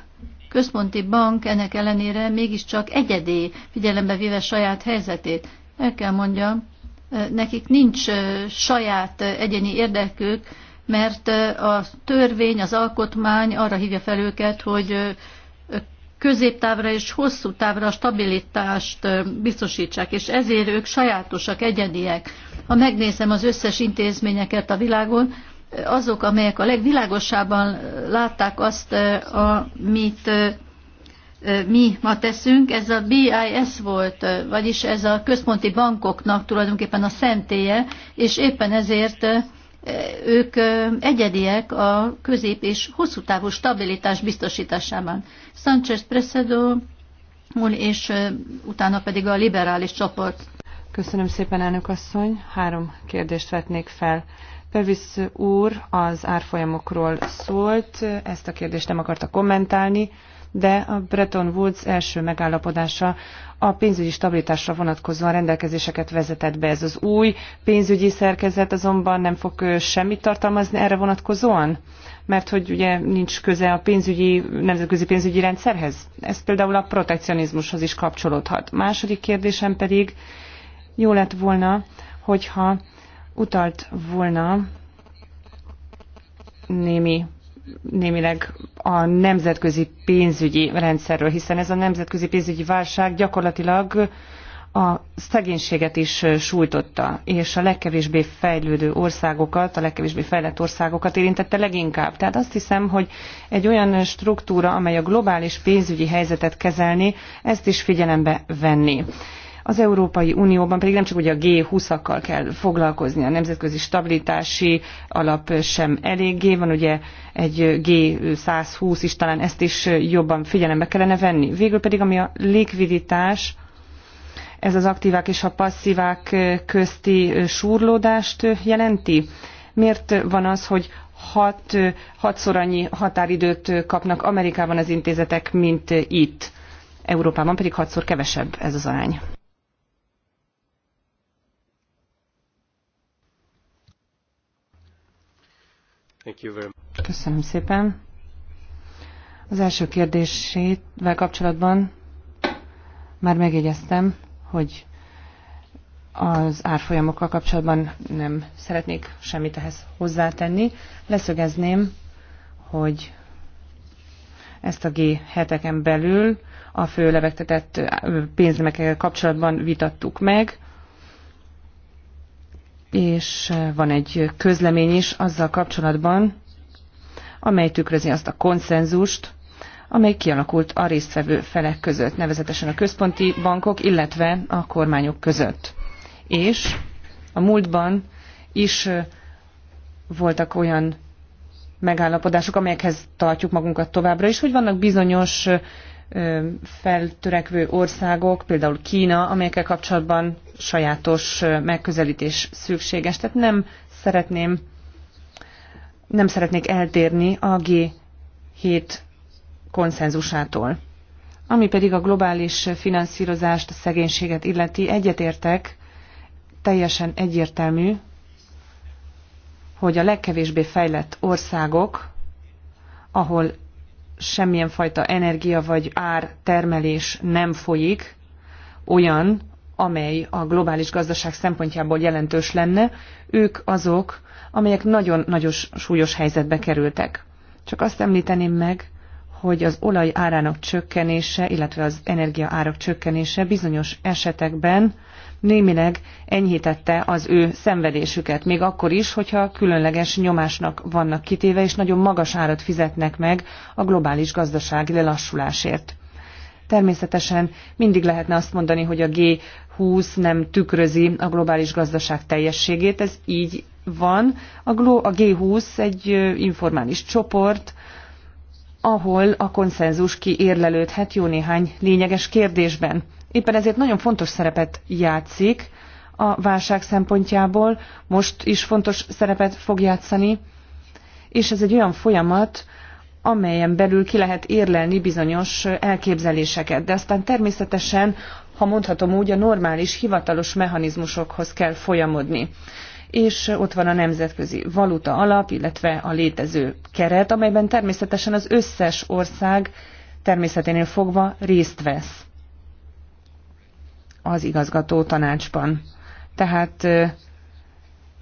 központi bank ennek ellenére mégiscsak egyedi figyelembe véve saját helyzetét. El kell mondjam, nekik nincs saját egyéni érdekük, mert a törvény, az alkotmány arra hívja fel őket, hogy középtávra és hosszú távra a stabilitást biztosítsák, és ezért ők sajátosak, egyediek. Ha megnézem az összes intézményeket a világon, azok, amelyek a legvilágosabban látták azt, amit mi ma teszünk, ez a BIS volt, vagyis ez a központi bankoknak tulajdonképpen a szentélye, és éppen ezért ők egyediek a közép és hosszú távú stabilitás biztosításában. Sanchez Presedo úr, és utána pedig a liberális csoport. Köszönöm szépen, elnök asszony. Három kérdést vetnék fel. Pevis úr az árfolyamokról szólt, ezt a kérdést nem akarta kommentálni de a Bretton Woods első megállapodása a pénzügyi stabilitásra vonatkozóan rendelkezéseket vezetett be. Ez az új pénzügyi szerkezet azonban nem fog semmit tartalmazni erre vonatkozóan? Mert hogy ugye nincs köze a pénzügyi, nemzetközi pénzügyi rendszerhez. Ez például a protekcionizmushoz is kapcsolódhat. Második kérdésem pedig jó lett volna, hogyha utalt volna némi némileg a nemzetközi pénzügyi rendszerről, hiszen ez a nemzetközi pénzügyi válság gyakorlatilag a szegénységet is sújtotta, és a legkevésbé fejlődő országokat, a legkevésbé fejlett országokat érintette leginkább. Tehát azt hiszem, hogy egy olyan struktúra, amely a globális pénzügyi helyzetet kezelni, ezt is figyelembe venni. Az Európai Unióban pedig nem csak ugye a G20-akkal kell foglalkozni, a nemzetközi stabilitási alap sem eléggé, van ugye egy G120 is, talán ezt is jobban figyelembe kellene venni. Végül pedig, ami a likviditás, ez az aktívák és a passzívák közti súrlódást jelenti? Miért van az, hogy hat, hatszor annyi határidőt kapnak Amerikában az intézetek, mint itt? Európában pedig hatszor kevesebb ez az arány. Köszönöm szépen. Az első kérdésével kapcsolatban már megjegyeztem, hogy az árfolyamokkal kapcsolatban nem szeretnék semmit ehhez hozzátenni. Leszögezném, hogy ezt a g heteken belül a fő levegtetett pénzmekkel kapcsolatban vitattuk meg, és eh, van egy közlemény is azzal kapcsolatban, amely tükrözi azt a konszenzust, amely kialakult a résztvevő felek között, nevezetesen a központi bankok, illetve a kormányok között. És a múltban is eh, voltak olyan megállapodások, amelyekhez tartjuk magunkat továbbra is, hogy vannak bizonyos eh, feltörekvő országok, például Kína, amelyekkel kapcsolatban sajátos megközelítés szükséges. Tehát nem szeretném, nem szeretnék eltérni a G7 konszenzusától. Ami pedig a globális finanszírozást, a szegénységet illeti, egyetértek, teljesen egyértelmű, hogy a legkevésbé fejlett országok, ahol semmilyen fajta energia vagy ár termelés nem folyik olyan, amely a globális gazdaság szempontjából jelentős lenne, ők azok, amelyek nagyon nagyon súlyos helyzetbe kerültek. Csak azt említeném meg, hogy az olaj árának csökkenése, illetve az energia árak csökkenése bizonyos esetekben némileg enyhítette az ő szenvedésüket, még akkor is, hogyha különleges nyomásnak vannak kitéve, és nagyon magas árat fizetnek meg a globális gazdaság lelassulásért. Természetesen mindig lehetne azt mondani, hogy a G20 nem tükrözi a globális gazdaság teljességét, ez így van. A G20 egy informális csoport, ahol a konszenzus kiérlelődhet jó néhány lényeges kérdésben. Éppen ezért nagyon fontos szerepet játszik a válság szempontjából, most is fontos szerepet fog játszani, és ez egy olyan folyamat, amelyen belül ki lehet érlelni bizonyos elképzeléseket. De aztán természetesen, ha mondhatom úgy, a normális, hivatalos mechanizmusokhoz kell folyamodni. És ott van a nemzetközi valuta alap, illetve a létező keret, amelyben természetesen az összes ország természeténél fogva részt vesz az igazgató tanácsban. Tehát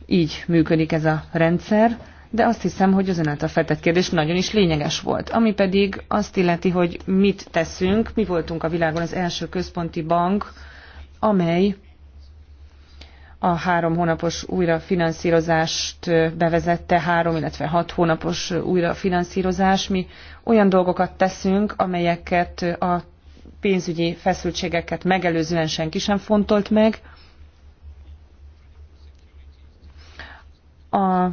így működik ez a rendszer, de azt hiszem, hogy az a feltett kérdés nagyon is lényeges volt. Ami pedig azt illeti, hogy mit teszünk, mi voltunk a világon az első központi bank, amely a három hónapos újrafinanszírozást bevezette, három, illetve hat hónapos újrafinanszírozás. Mi olyan dolgokat teszünk, amelyeket a pénzügyi feszültségeket megelőzően senki sem fontolt meg. A,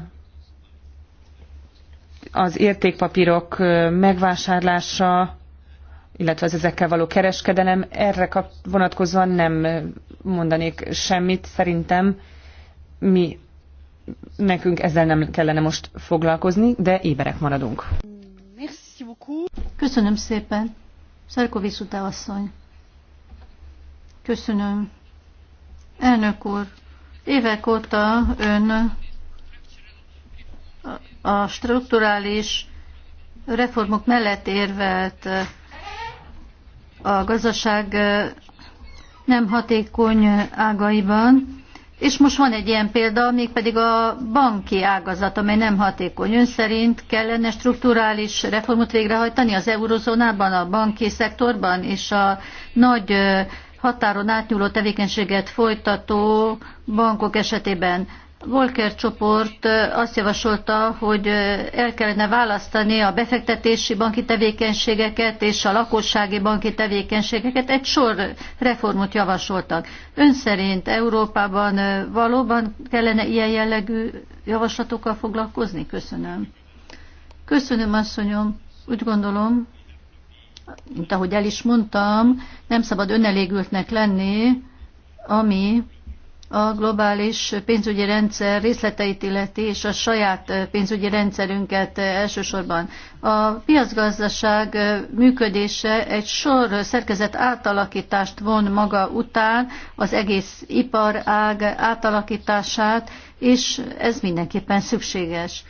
az értékpapírok megvásárlása, illetve az ezekkel való kereskedelem, erre kap, vonatkozóan nem mondanék semmit, szerintem mi nekünk ezzel nem kellene most foglalkozni, de éberek maradunk. Köszönöm szépen. Szerkovics asszony. Köszönöm. Elnök úr, évek óta ön a strukturális reformok mellett érvelt a gazdaság nem hatékony ágaiban, és most van egy ilyen példa, pedig a banki ágazat, amely nem hatékony. Ön szerint kellene strukturális reformot végrehajtani az eurozónában, a banki szektorban, és a nagy határon átnyúló tevékenységet folytató bankok esetében Volker csoport azt javasolta, hogy el kellene választani a befektetési banki tevékenységeket és a lakossági banki tevékenységeket. Egy sor reformot javasoltak. Ön szerint Európában valóban kellene ilyen jellegű javaslatokkal foglalkozni? Köszönöm. Köszönöm, asszonyom. Úgy gondolom, mint ahogy el is mondtam, nem szabad önelégültnek lenni, ami a globális pénzügyi rendszer részleteit illeti, és a saját pénzügyi rendszerünket elsősorban. A piacgazdaság működése egy sor szerkezet átalakítást von maga után, az egész iparág átalakítását, és ez mindenképpen szükséges.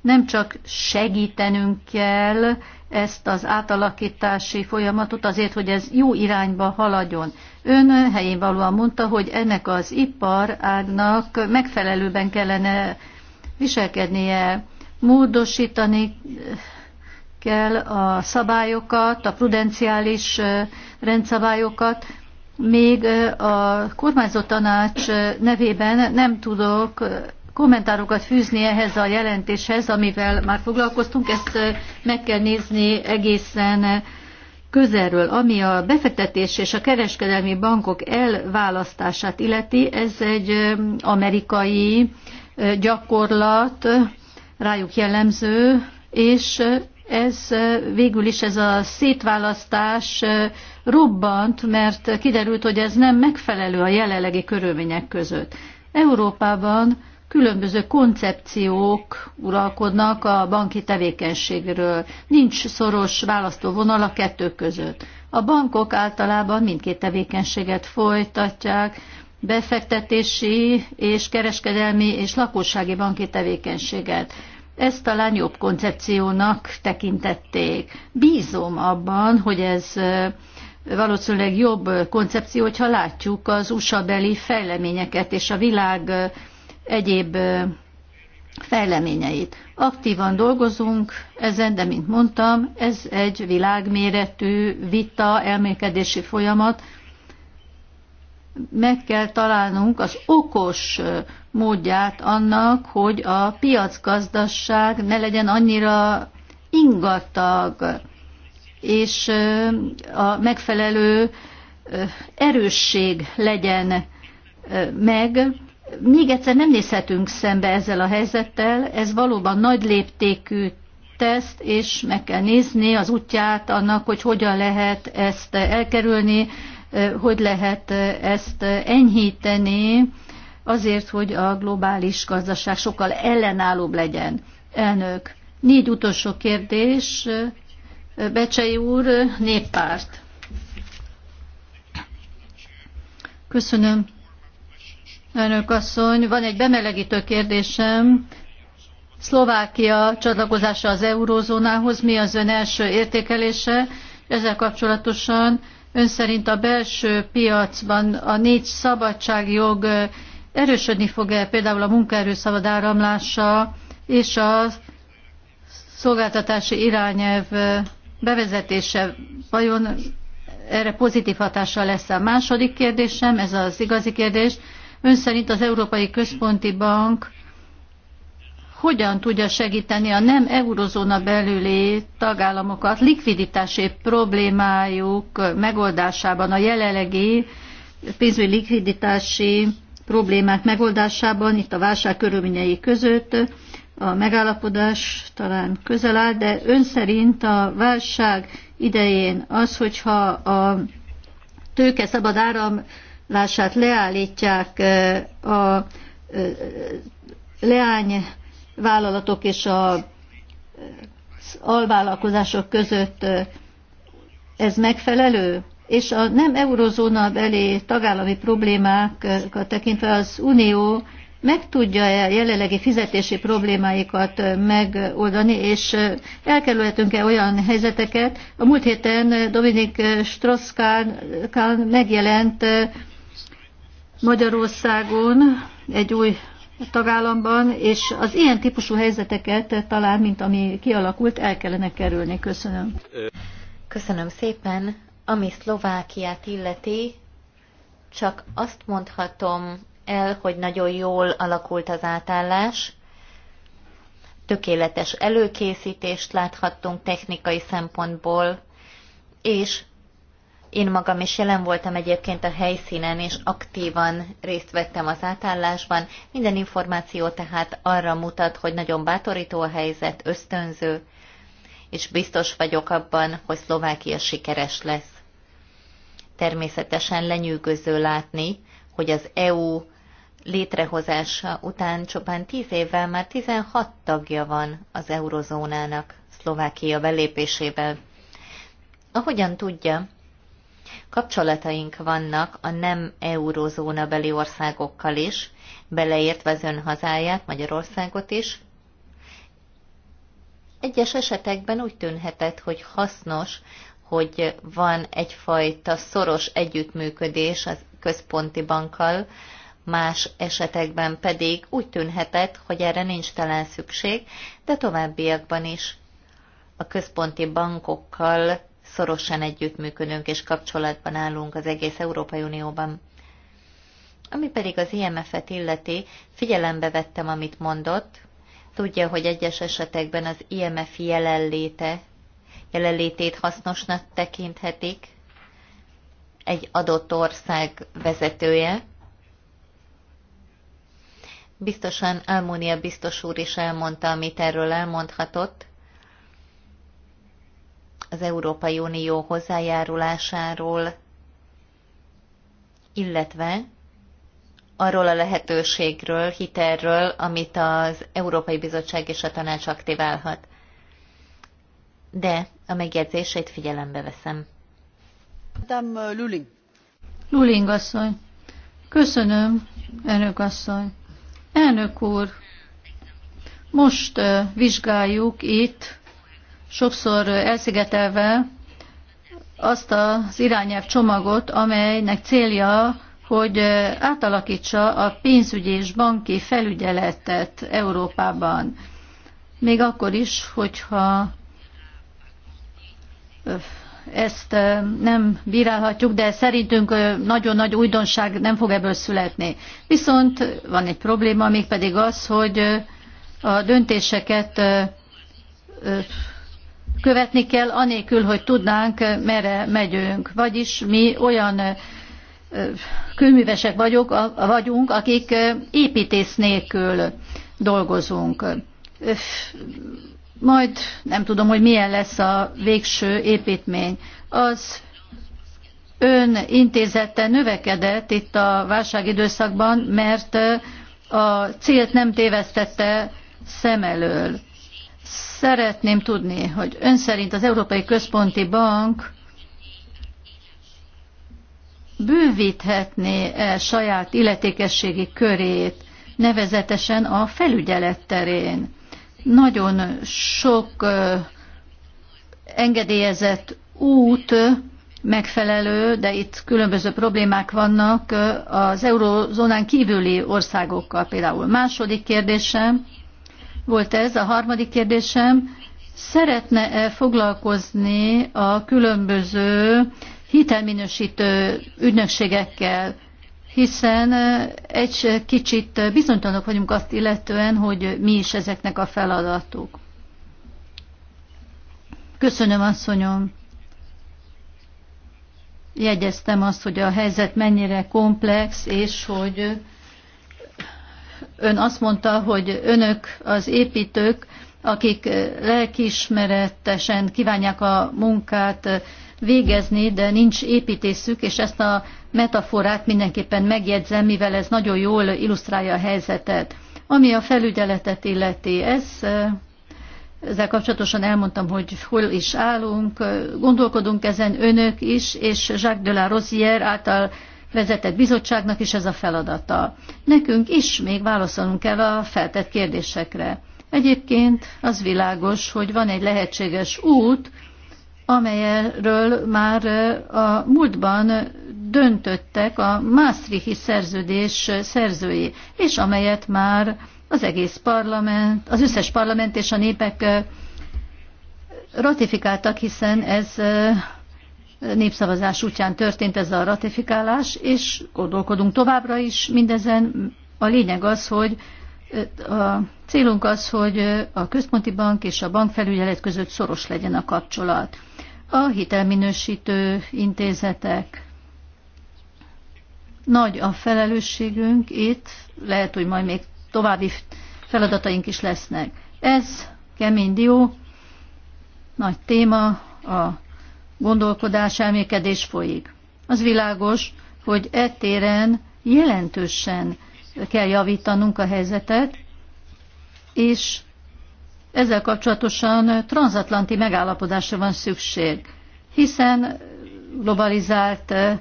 Nem csak segítenünk kell, ezt az átalakítási folyamatot azért, hogy ez jó irányba haladjon. Ön helyén valóan mondta, hogy ennek az iparágnak megfelelőben kellene viselkednie, módosítani kell a szabályokat, a prudenciális rendszabályokat. Még a kormányzó tanács nevében nem tudok kommentárokat fűzni ehhez a jelentéshez, amivel már foglalkoztunk, ezt meg kell nézni egészen közelről, ami a befektetés és a kereskedelmi bankok elválasztását illeti, ez egy amerikai gyakorlat, rájuk jellemző, és ez végül is ez a szétválasztás robbant, mert kiderült, hogy ez nem megfelelő a jelenlegi körülmények között. Európában különböző koncepciók uralkodnak a banki tevékenységről. Nincs szoros választóvonal a kettő között. A bankok általában mindkét tevékenységet folytatják, befektetési és kereskedelmi és lakossági banki tevékenységet. Ezt talán jobb koncepciónak tekintették. Bízom abban, hogy ez valószínűleg jobb koncepció, hogyha látjuk az USA beli fejleményeket és a világ egyéb fejleményeit. Aktívan dolgozunk ezen, de mint mondtam, ez egy világméretű vita, elmélkedési folyamat. Meg kell találnunk az okos módját annak, hogy a piacgazdaság ne legyen annyira ingatag, és a megfelelő erősség legyen meg, még egyszer nem nézhetünk szembe ezzel a helyzettel, ez valóban nagy léptékű teszt, és meg kell nézni az útját annak, hogy hogyan lehet ezt elkerülni, eh, hogy lehet eh, ezt eh, enyhíteni, azért, hogy a globális gazdaság sokkal ellenállóbb legyen. Elnök, négy utolsó kérdés. Becsei úr, néppárt. Köszönöm, Önök asszony, van egy bemelegítő kérdésem. Szlovákia csatlakozása az eurózónához, mi az ön első értékelése? Ezzel kapcsolatosan ön szerint a belső piacban a négy szabadságjog erősödni fog-e például a munkaerő szabad áramlása és a szolgáltatási irányelv bevezetése vajon erre pozitív hatással lesz a második kérdésem, ez az igazi kérdés. Ön szerint az Európai Központi Bank hogyan tudja segíteni a nem eurozóna belüli tagállamokat likviditási problémájuk megoldásában, a jelenlegi pénzügyi likviditási problémák megoldásában, itt a válság körülményei között a megállapodás talán közel áll, de ön szerint a válság idején az, hogyha a tőke szabad áram lását leállítják a leányvállalatok és a alvállalkozások között ez megfelelő? És a nem eurozóna belé tagállami problémákat tekintve az Unió meg tudja -e jelenlegi fizetési problémáikat megoldani, és elkerülhetünk-e olyan helyzeteket? A múlt héten Dominik Strauss-Kahn megjelent Magyarországon, egy új tagállamban, és az ilyen típusú helyzeteket talán, mint ami kialakult, el kellene kerülni. Köszönöm. Köszönöm szépen. Ami Szlovákiát illeti, csak azt mondhatom el, hogy nagyon jól alakult az átállás. Tökéletes előkészítést láthattunk technikai szempontból, és én magam is jelen voltam egyébként a helyszínen, és aktívan részt vettem az átállásban. Minden információ tehát arra mutat, hogy nagyon bátorító a helyzet, ösztönző, és biztos vagyok abban, hogy Szlovákia sikeres lesz. Természetesen lenyűgöző látni, hogy az EU létrehozása után csupán 10 évvel már 16 tagja van az eurozónának Szlovákia belépésével. Ahogyan tudja, Kapcsolataink vannak a nem eurozóna beli országokkal is, beleértve az ön hazáját, Magyarországot is. Egyes esetekben úgy tűnhetett, hogy hasznos, hogy van egyfajta szoros együttműködés a központi bankkal, más esetekben pedig úgy tűnhetett, hogy erre nincs talán szükség, de továbbiakban is a központi bankokkal szorosan együttműködünk és kapcsolatban állunk az egész Európai Unióban. Ami pedig az IMF-et illeti, figyelembe vettem, amit mondott. Tudja, hogy egyes esetekben az IMF jelenléte, jelenlétét hasznosnak tekinthetik egy adott ország vezetője. Biztosan Almónia biztos úr is elmondta, amit erről elmondhatott az Európai Unió hozzájárulásáról, illetve arról a lehetőségről, hitelről, amit az Európai Bizottság és a Tanács aktiválhat. De a megjegyzését figyelembe veszem. Madame Luling. Luling asszony. Köszönöm, elnök asszony. Elnök úr, most vizsgáljuk itt sokszor elszigetelve azt az irányelv csomagot, amelynek célja, hogy átalakítsa a pénzügyi és banki felügyeletet Európában. Még akkor is, hogyha ezt nem bírálhatjuk, de szerintünk nagyon nagy újdonság nem fog ebből születni. Viszont van egy probléma, mégpedig az, hogy a döntéseket követni kell, anélkül, hogy tudnánk, merre megyünk. Vagyis mi olyan kőművesek vagyok, vagyunk, akik építész nélkül dolgozunk. Majd nem tudom, hogy milyen lesz a végső építmény. Az ön intézete növekedett itt a időszakban, mert a célt nem tévesztette szem elől. Szeretném tudni, hogy ön szerint az Európai Központi Bank bővíthetné -e saját illetékességi körét, nevezetesen a felügyelet terén. Nagyon sok engedélyezett út megfelelő, de itt különböző problémák vannak az eurozónán kívüli országokkal például. Második kérdésem, volt ez. A harmadik kérdésem, szeretne-e foglalkozni a különböző hitelminősítő ügynökségekkel, hiszen egy kicsit bizonytalanok vagyunk azt illetően, hogy mi is ezeknek a feladatuk. Köszönöm, asszonyom. Jegyeztem azt, hogy a helyzet mennyire komplex, és hogy Ön azt mondta, hogy önök az építők, akik lelkiismeretesen kívánják a munkát végezni, de nincs építészük, és ezt a metaforát mindenképpen megjegyzem, mivel ez nagyon jól illusztrálja a helyzetet. Ami a felügyeletet illeti, ez ezzel kapcsolatosan elmondtam, hogy hol is állunk, gondolkodunk ezen önök is, és Jacques de la Rosière által vezetett bizottságnak is ez a feladata. Nekünk is még válaszolnunk kell a feltett kérdésekre. Egyébként az világos, hogy van egy lehetséges út, amelyről már eh, a múltban döntöttek a Maastrichti szerződés szerzői, és amelyet már az egész parlament, az összes parlament és a népek eh, ratifikáltak, hiszen ez eh, népszavazás útján történt ez a ratifikálás, és gondolkodunk továbbra is mindezen. A lényeg az, hogy a célunk az, hogy a központi bank és a bankfelügyelet között szoros legyen a kapcsolat. A hitelminősítő intézetek. Nagy a felelősségünk itt, lehet, hogy majd még további feladataink is lesznek. Ez kemény dió, nagy téma, a gondolkodás, elmékedés folyik. Az világos, hogy e téren jelentősen kell javítanunk a helyzetet, és ezzel kapcsolatosan transatlanti megállapodásra van szükség, hiszen globalizált eh,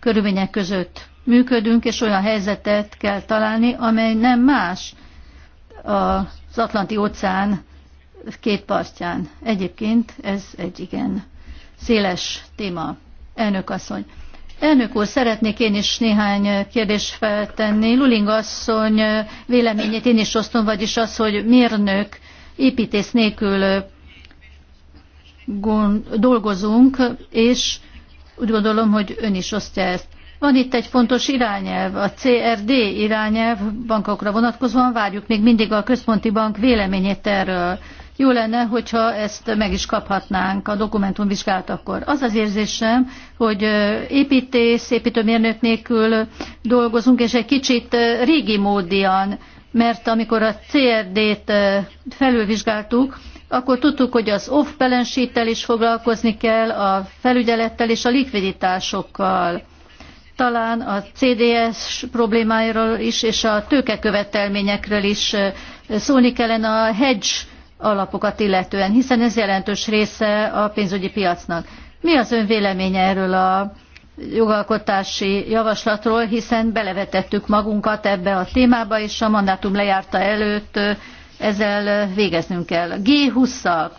körülmények között működünk, és olyan helyzetet kell találni, amely nem más az Atlanti óceán két partján. Egyébként ez egy igen széles téma. Elnök asszony. Elnök úr, szeretnék én is néhány kérdést feltenni. Luling asszony véleményét én is osztom, vagyis az, hogy mérnök, építész nélkül dolgozunk, és úgy gondolom, hogy ön is osztja ezt. Van itt egy fontos irányelv, a CRD irányelv bankokra vonatkozóan, várjuk még mindig a központi bank véleményét erről. Jó lenne, hogyha ezt meg is kaphatnánk a dokumentum vizsgálatakor. Az az érzésem, hogy építész, építőmérnök nélkül dolgozunk, és egy kicsit régi módian, mert amikor a CRD-t felülvizsgáltuk, akkor tudtuk, hogy az off-balance is foglalkozni kell, a felügyelettel és a likviditásokkal talán a CDS problémáiról is és a tőkekövetelményekről is szólni kellene a hedge alapokat illetően, hiszen ez jelentős része a pénzügyi piacnak. Mi az ön véleménye erről a jogalkotási javaslatról, hiszen belevetettük magunkat ebbe a témába, és a mandátum lejárta előtt ezzel végeznünk kell. G20-szal.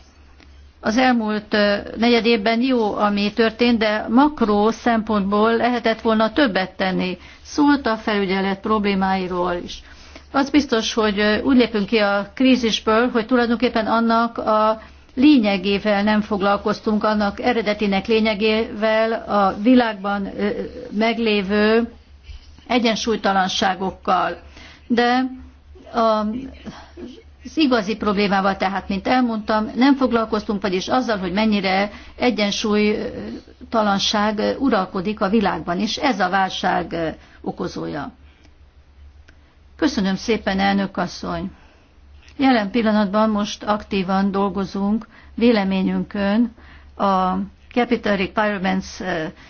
Az elmúlt negyed évben jó, ami történt, de makró szempontból lehetett volna többet tenni. Szólt a felügyelet problémáiról is. Az biztos, hogy úgy lépünk ki a krízisből, hogy tulajdonképpen annak a lényegével nem foglalkoztunk, annak eredetinek lényegével a világban meglévő egyensúlytalanságokkal. De a az igazi problémával tehát, mint elmondtam, nem foglalkoztunk, vagyis azzal, hogy mennyire egyensúlytalanság uralkodik a világban, és ez a válság okozója. Köszönöm szépen, elnök asszony! Jelen pillanatban most aktívan dolgozunk véleményünkön a Capital Requirements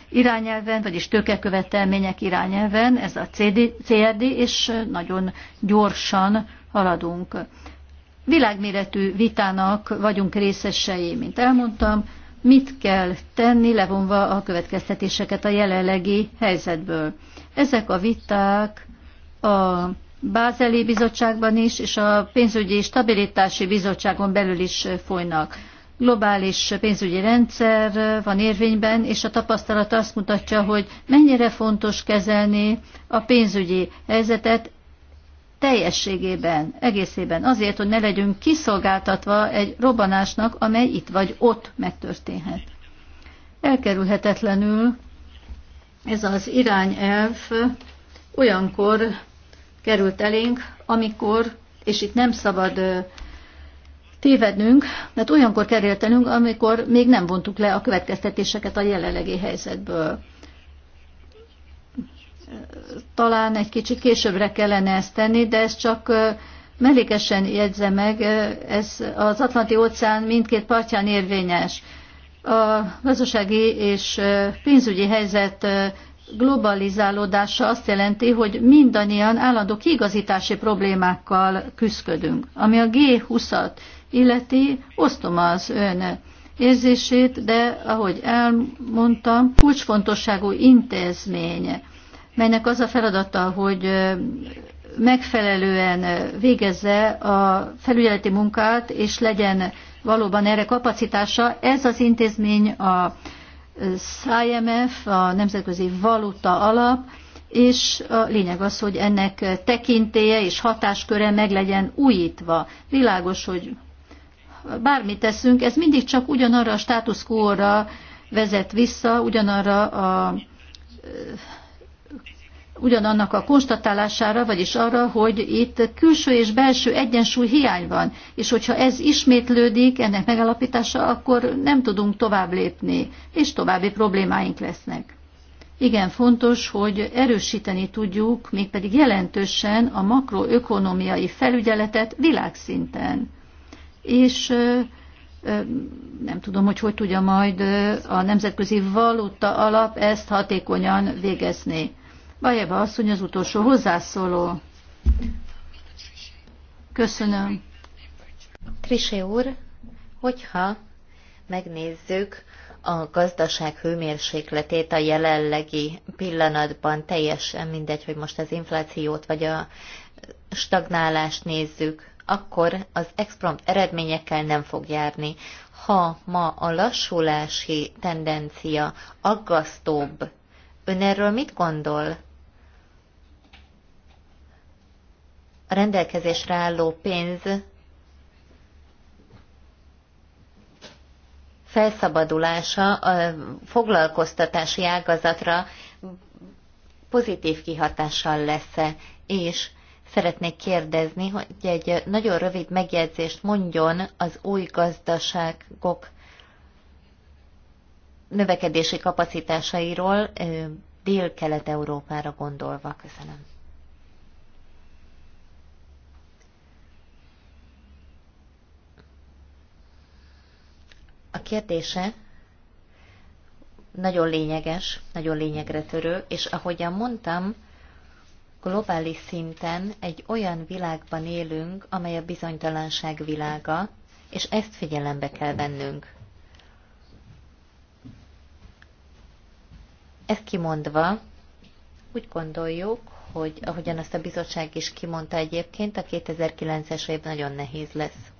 irányelven, vagyis tőkekövetelmények irányelven, ez a CD, CRD, és nagyon gyorsan haladunk. Világméretű vitának vagyunk részesei, mint elmondtam, mit kell tenni, levonva a következtetéseket a jelenlegi helyzetből. Ezek a viták a Bázeli Bizottságban is, és a pénzügyi stabilitási bizottságon belül is folynak. Globális pénzügyi rendszer van érvényben, és a tapasztalat azt mutatja, hogy mennyire fontos kezelni a pénzügyi helyzetet teljességében, egészében, azért, hogy ne legyünk kiszolgáltatva egy robbanásnak, amely itt vagy ott megtörténhet. Elkerülhetetlenül ez az irányelv olyankor került elénk, amikor, és itt nem szabad tévednünk, mert olyankor került elünk, amikor még nem vontuk le a következtetéseket a jelenlegi helyzetből. Talán egy kicsit későbbre kellene ezt tenni, de ez csak mellékesen jegyze meg, ez az Atlanti-óceán mindkét partján érvényes. A gazdasági és pénzügyi helyzet globalizálódása azt jelenti, hogy mindannyian állandó kiigazítási problémákkal küzdködünk. Ami a G20-at illeti, osztom az ön érzését, de ahogy elmondtam, kulcsfontosságú intézmény, melynek az a feladata, hogy megfelelően végezze a felügyeleti munkát, és legyen valóban erre kapacitása. Ez az intézmény a az IMF, a Nemzetközi Valuta Alap, és a lényeg az, hogy ennek tekintéje és hatásköre meg legyen újítva. Világos, hogy bármit teszünk, ez mindig csak ugyanarra a status quo-ra vezet vissza, ugyanarra a ugyanannak a konstatálására, vagyis arra, hogy itt külső és belső egyensúly hiány van, és hogyha ez ismétlődik, ennek megalapítása, akkor nem tudunk tovább lépni, és további problémáink lesznek. Igen fontos, hogy erősíteni tudjuk, mégpedig jelentősen a makroökonomiai felügyeletet világszinten. És nem tudom, hogy hogy tudja majd a Nemzetközi Valuta Alap ezt hatékonyan végezni. Bajeva asszony az utolsó hozzászóló. Köszönöm. Trisé úr, hogyha megnézzük a gazdaság hőmérsékletét a jelenlegi pillanatban, teljesen mindegy, hogy most az inflációt vagy a stagnálást nézzük, akkor az exprompt eredményekkel nem fog járni. Ha ma a lassulási tendencia aggasztóbb, ön erről mit gondol? a rendelkezésre álló pénz felszabadulása a foglalkoztatási ágazatra pozitív kihatással lesz-e, és szeretnék kérdezni, hogy egy nagyon rövid megjegyzést mondjon az új gazdaságok növekedési kapacitásairól Dél-Kelet-Európára gondolva. Köszönöm. A kérdése nagyon lényeges, nagyon lényegre törő, és ahogyan mondtam, globális szinten egy olyan világban élünk, amely a bizonytalanság világa, és ezt figyelembe kell vennünk. Ezt kimondva, úgy gondoljuk, hogy ahogyan azt a bizottság is kimondta egyébként, a 2009-es év nagyon nehéz lesz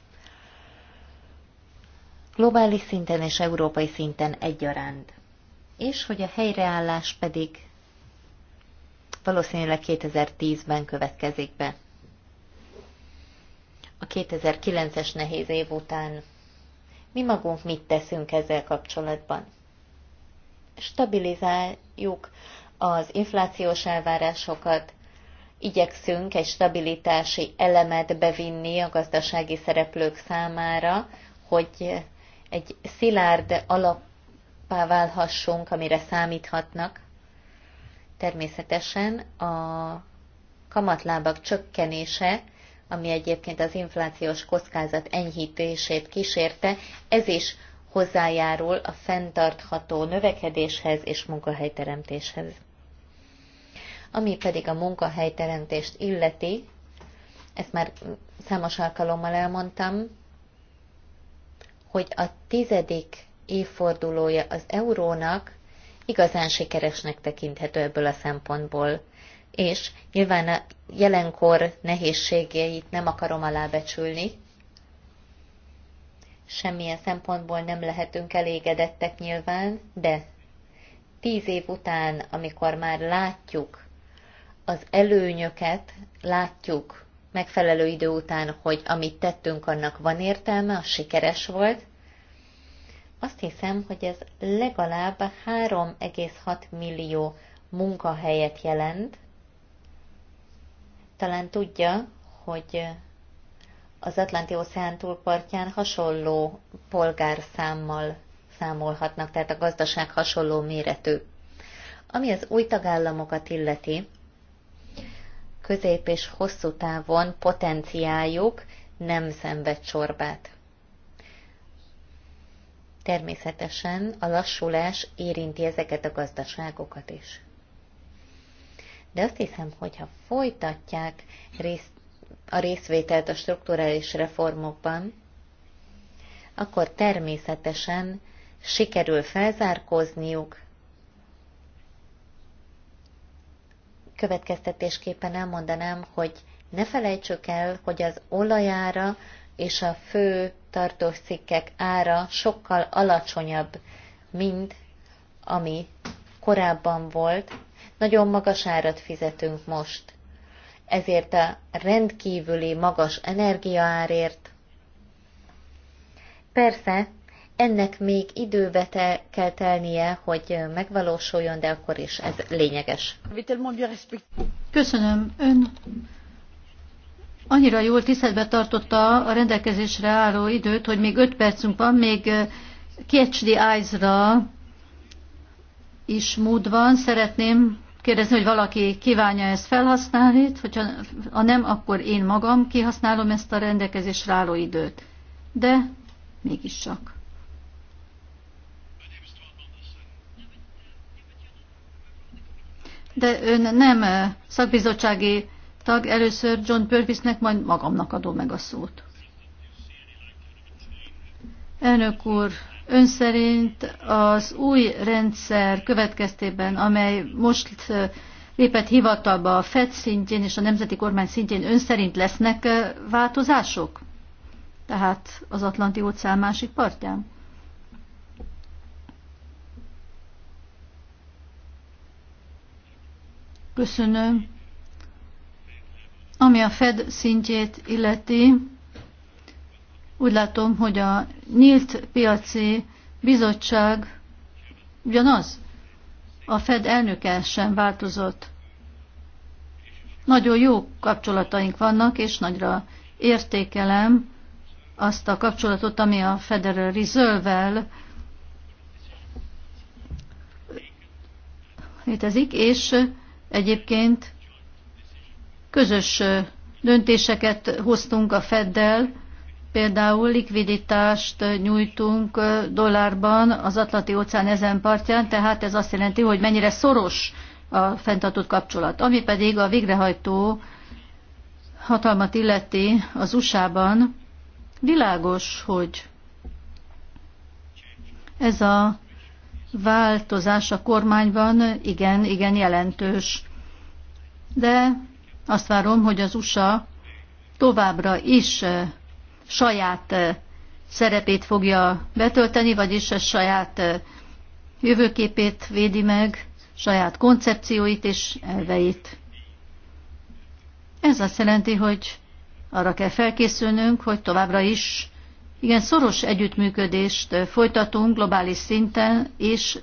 globális szinten és európai szinten egyaránt. És hogy a helyreállás pedig valószínűleg 2010-ben következik be. A 2009-es nehéz év után mi magunk mit teszünk ezzel kapcsolatban? Stabilizáljuk az inflációs elvárásokat, igyekszünk egy stabilitási elemet bevinni a gazdasági szereplők számára, hogy egy szilárd alapá válhassunk, amire számíthatnak. Természetesen a kamatlábak csökkenése, ami egyébként az inflációs kockázat enyhítését kísérte, ez is hozzájárul a fenntartható növekedéshez és munkahelyteremtéshez. Ami pedig a munkahelyteremtést illeti, ezt már számos alkalommal elmondtam, hogy a tizedik évfordulója az eurónak igazán sikeresnek tekinthető ebből a szempontból. És nyilván a jelenkor nehézségeit nem akarom alábecsülni, semmilyen szempontból nem lehetünk elégedettek nyilván, de tíz év után, amikor már látjuk az előnyöket, látjuk megfelelő idő után, hogy amit tettünk, annak van értelme, az sikeres volt. Azt hiszem, hogy ez legalább 3,6 millió munkahelyet jelent. Talán tudja, hogy az Atlanti-óceán túlpartján hasonló polgárszámmal számolhatnak, tehát a gazdaság hasonló méretű. Ami az új tagállamokat illeti, közép és hosszú távon potenciáljuk nem szenved csorbát. Természetesen a lassulás érinti ezeket a gazdaságokat is. De azt hiszem, hogyha folytatják a részvételt a strukturális reformokban, akkor természetesen sikerül felzárkózniuk, következtetésképpen elmondanám, hogy ne felejtsük el, hogy az olajára és a fő tartószikkek ára sokkal alacsonyabb, mint ami korábban volt. Nagyon magas árat fizetünk most. Ezért a rendkívüli magas energiaárért. Persze, ennek még időbe te kell telnie, hogy megvalósuljon, de akkor is ez lényeges. Köszönöm. Ön annyira jól tiszteletbe tartotta a rendelkezésre álló időt, hogy még öt percünk van, még eh, Catch the Eyes-ra is mód van. Szeretném kérdezni, hogy valaki kívánja ezt felhasználni, hogyha ha nem, akkor én magam kihasználom ezt a rendelkezésre álló időt. De mégiscsak. de ön nem szakbizottsági tag, először John Purvisnek, majd magamnak adom meg a szót. Elnök úr, ön szerint az új rendszer következtében, amely most lépett hivatalba a FED szintjén és a nemzeti kormány szintjén, ön szerint lesznek változások? Tehát az Atlanti óceán másik partján? Köszönöm. Ami a Fed szintjét illeti, úgy látom, hogy a nyílt piaci bizottság ugyanaz. A Fed elnöke sem változott. Nagyon jó kapcsolataink vannak, és nagyra értékelem azt a kapcsolatot, ami a Federal Reserve-vel létezik, és Egyébként közös döntéseket hoztunk a Feddel, például likviditást nyújtunk dollárban az Atlanti óceán ezen partján, tehát ez azt jelenti, hogy mennyire szoros a fenntartott kapcsolat. Ami pedig a végrehajtó hatalmat illeti az USA-ban, világos, hogy ez a változás a kormányban igen, igen jelentős. De azt várom, hogy az USA továbbra is saját szerepét fogja betölteni, vagyis a saját jövőképét védi meg, saját koncepcióit és elveit. Ez azt jelenti, hogy arra kell felkészülnünk, hogy továbbra is igen, szoros együttműködést folytatunk globális szinten, és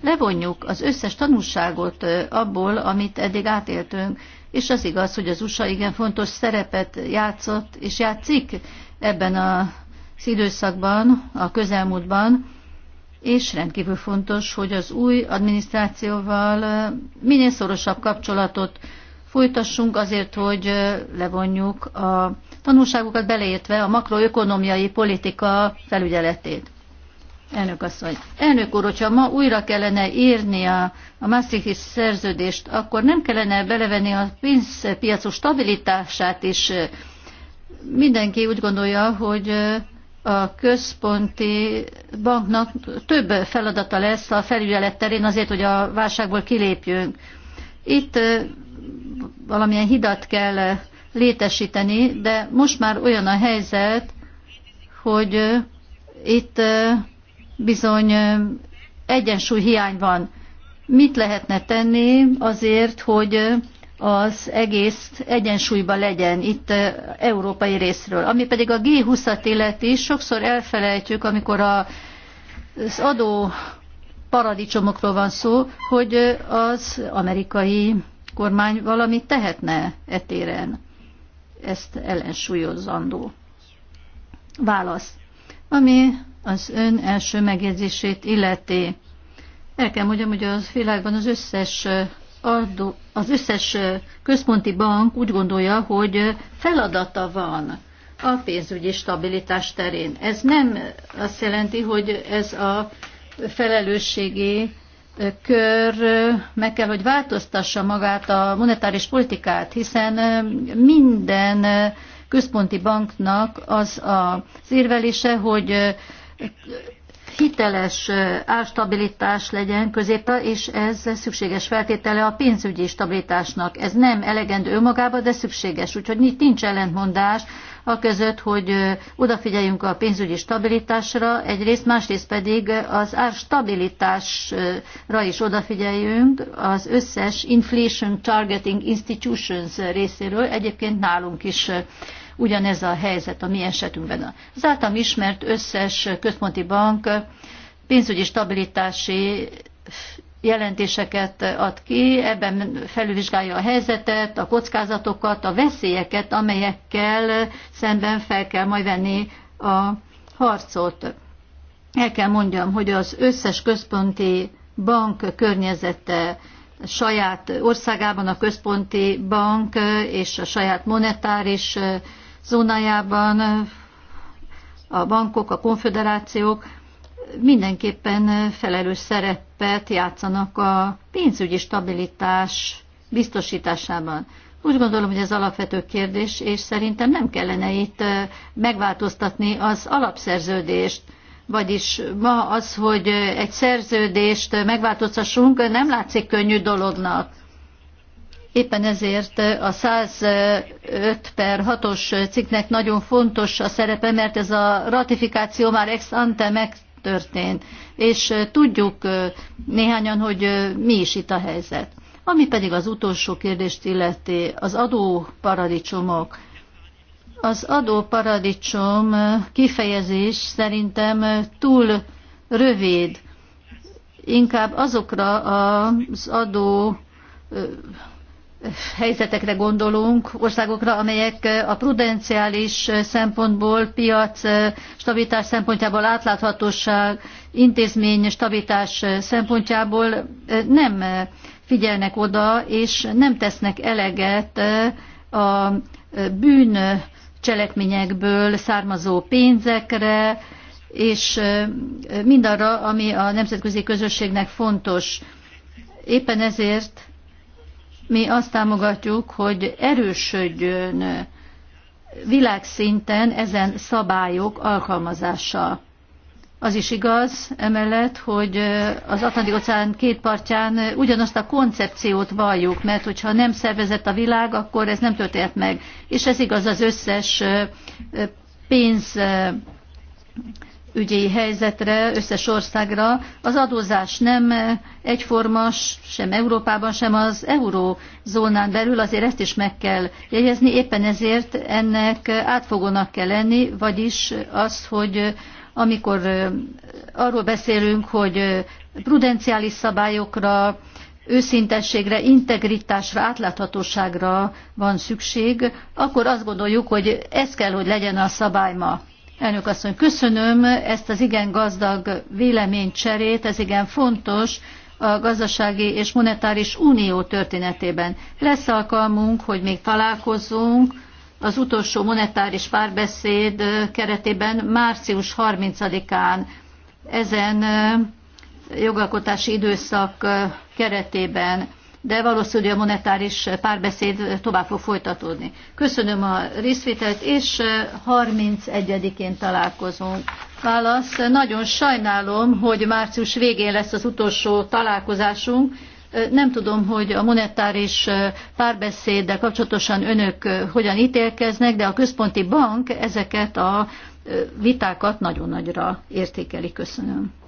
levonjuk az összes tanulságot abból, amit eddig átéltünk, és az igaz, hogy az USA igen fontos szerepet játszott és játszik ebben az időszakban, a közelmúltban, és rendkívül fontos, hogy az új adminisztrációval minél szorosabb kapcsolatot folytassunk azért, hogy levonjuk a tanulságokat beleértve a makroökonomiai politika felügyeletét. Elnök asszony. Elnök úr, hogyha ma újra kellene írni a, a Maastrichti szerződést, akkor nem kellene belevenni a pénzpiacok stabilitását is. Mindenki úgy gondolja, hogy a központi banknak több feladata lesz a felügyelet terén azért, hogy a válságból kilépjünk. Itt valamilyen hidat kell létesíteni, de most már olyan a helyzet, hogy itt bizony egyensúly hiány van. Mit lehetne tenni azért, hogy az egész egyensúlyba legyen itt európai részről. Ami pedig a G20-at illeti, sokszor elfelejtjük, amikor a, az adó paradicsomokról van szó, hogy az amerikai kormány valamit tehetne etéren ezt ellensúlyozandó válasz. Ami az ön első megjegyzését illeti. El kell mondjam, hogy a világban az összes adó, az összes központi bank úgy gondolja, hogy feladata van a pénzügyi stabilitás terén. Ez nem azt jelenti, hogy ez a felelősségi kör meg kell, hogy változtassa magát a monetáris politikát, hiszen minden központi banknak az az érvelése, hogy hiteles árstabilitás legyen középta, és ez szükséges feltétele a pénzügyi stabilitásnak. Ez nem elegendő önmagában, de szükséges, úgyhogy nincs ellentmondás a között, hogy odafigyeljünk a pénzügyi stabilitásra, egyrészt, másrészt pedig az árstabilitásra is odafigyeljünk az összes Inflation Targeting Institutions részéről, egyébként nálunk is ugyanez a helyzet a mi esetünkben. Az általam ismert összes központi bank pénzügyi stabilitási jelentéseket ad ki, ebben felülvizsgálja a helyzetet, a kockázatokat, a veszélyeket, amelyekkel szemben fel kell majd venni a harcot. El kell mondjam, hogy az összes központi bank környezete saját országában a központi bank és a saját monetáris zónájában a bankok, a konfederációk mindenképpen felelős szerepet játszanak a pénzügyi stabilitás biztosításában. Úgy gondolom, hogy ez alapvető kérdés, és szerintem nem kellene itt megváltoztatni az alapszerződést. Vagyis ma az, hogy egy szerződést megváltoztassunk, nem látszik könnyű dolognak. Éppen ezért a 105 per 6-os cikknek nagyon fontos a szerepe, mert ez a ratifikáció már ex ante meg történt, és tudjuk néhányan, hogy mi is itt a helyzet. Ami pedig az utolsó kérdést illeti, az adóparadicsomok. Az adóparadicsom kifejezés szerintem túl rövid. Inkább azokra az adó helyzetekre gondolunk, országokra, amelyek a prudenciális szempontból, piac stabilitás szempontjából, átláthatóság, intézmény stabilitás szempontjából nem figyelnek oda, és nem tesznek eleget a bűn cselekményekből származó pénzekre, és mindarra, ami a nemzetközi közösségnek fontos. Éppen ezért mi azt támogatjuk, hogy erősödjön világszinten ezen szabályok alkalmazása. Az is igaz, emellett, hogy az Atlanti-óceán két partján ugyanazt a koncepciót valljuk, mert hogyha nem szervezett a világ, akkor ez nem történt meg. És ez igaz az összes pénz ügyi helyzetre, összes országra. Az adózás nem egyforma, sem Európában, sem az eurózónán belül, azért ezt is meg kell jegyezni, éppen ezért ennek átfogónak kell lenni, vagyis az, hogy amikor arról beszélünk, hogy prudenciális szabályokra, őszintességre, integritásra, átláthatóságra van szükség, akkor azt gondoljuk, hogy ez kell, hogy legyen a szabály ma. Elnök asszony, köszönöm ezt az igen gazdag véleménycserét, ez igen fontos a gazdasági és monetáris unió történetében. Lesz alkalmunk, hogy még találkozzunk az utolsó monetáris párbeszéd keretében március 30-án ezen jogalkotási időszak keretében de valószínűleg a monetáris párbeszéd tovább fog folytatódni. Köszönöm a részvételt, és 31-én eh, találkozunk. Válasz, nagyon sajnálom, hogy március végén lesz az utolsó találkozásunk. Eh, nem tudom, hogy a monetáris eh, párbeszéddel kapcsolatosan önök hogyan ítélkeznek, de a központi bank ezeket a vitákat nagyon nagyra értékeli. Köszönöm.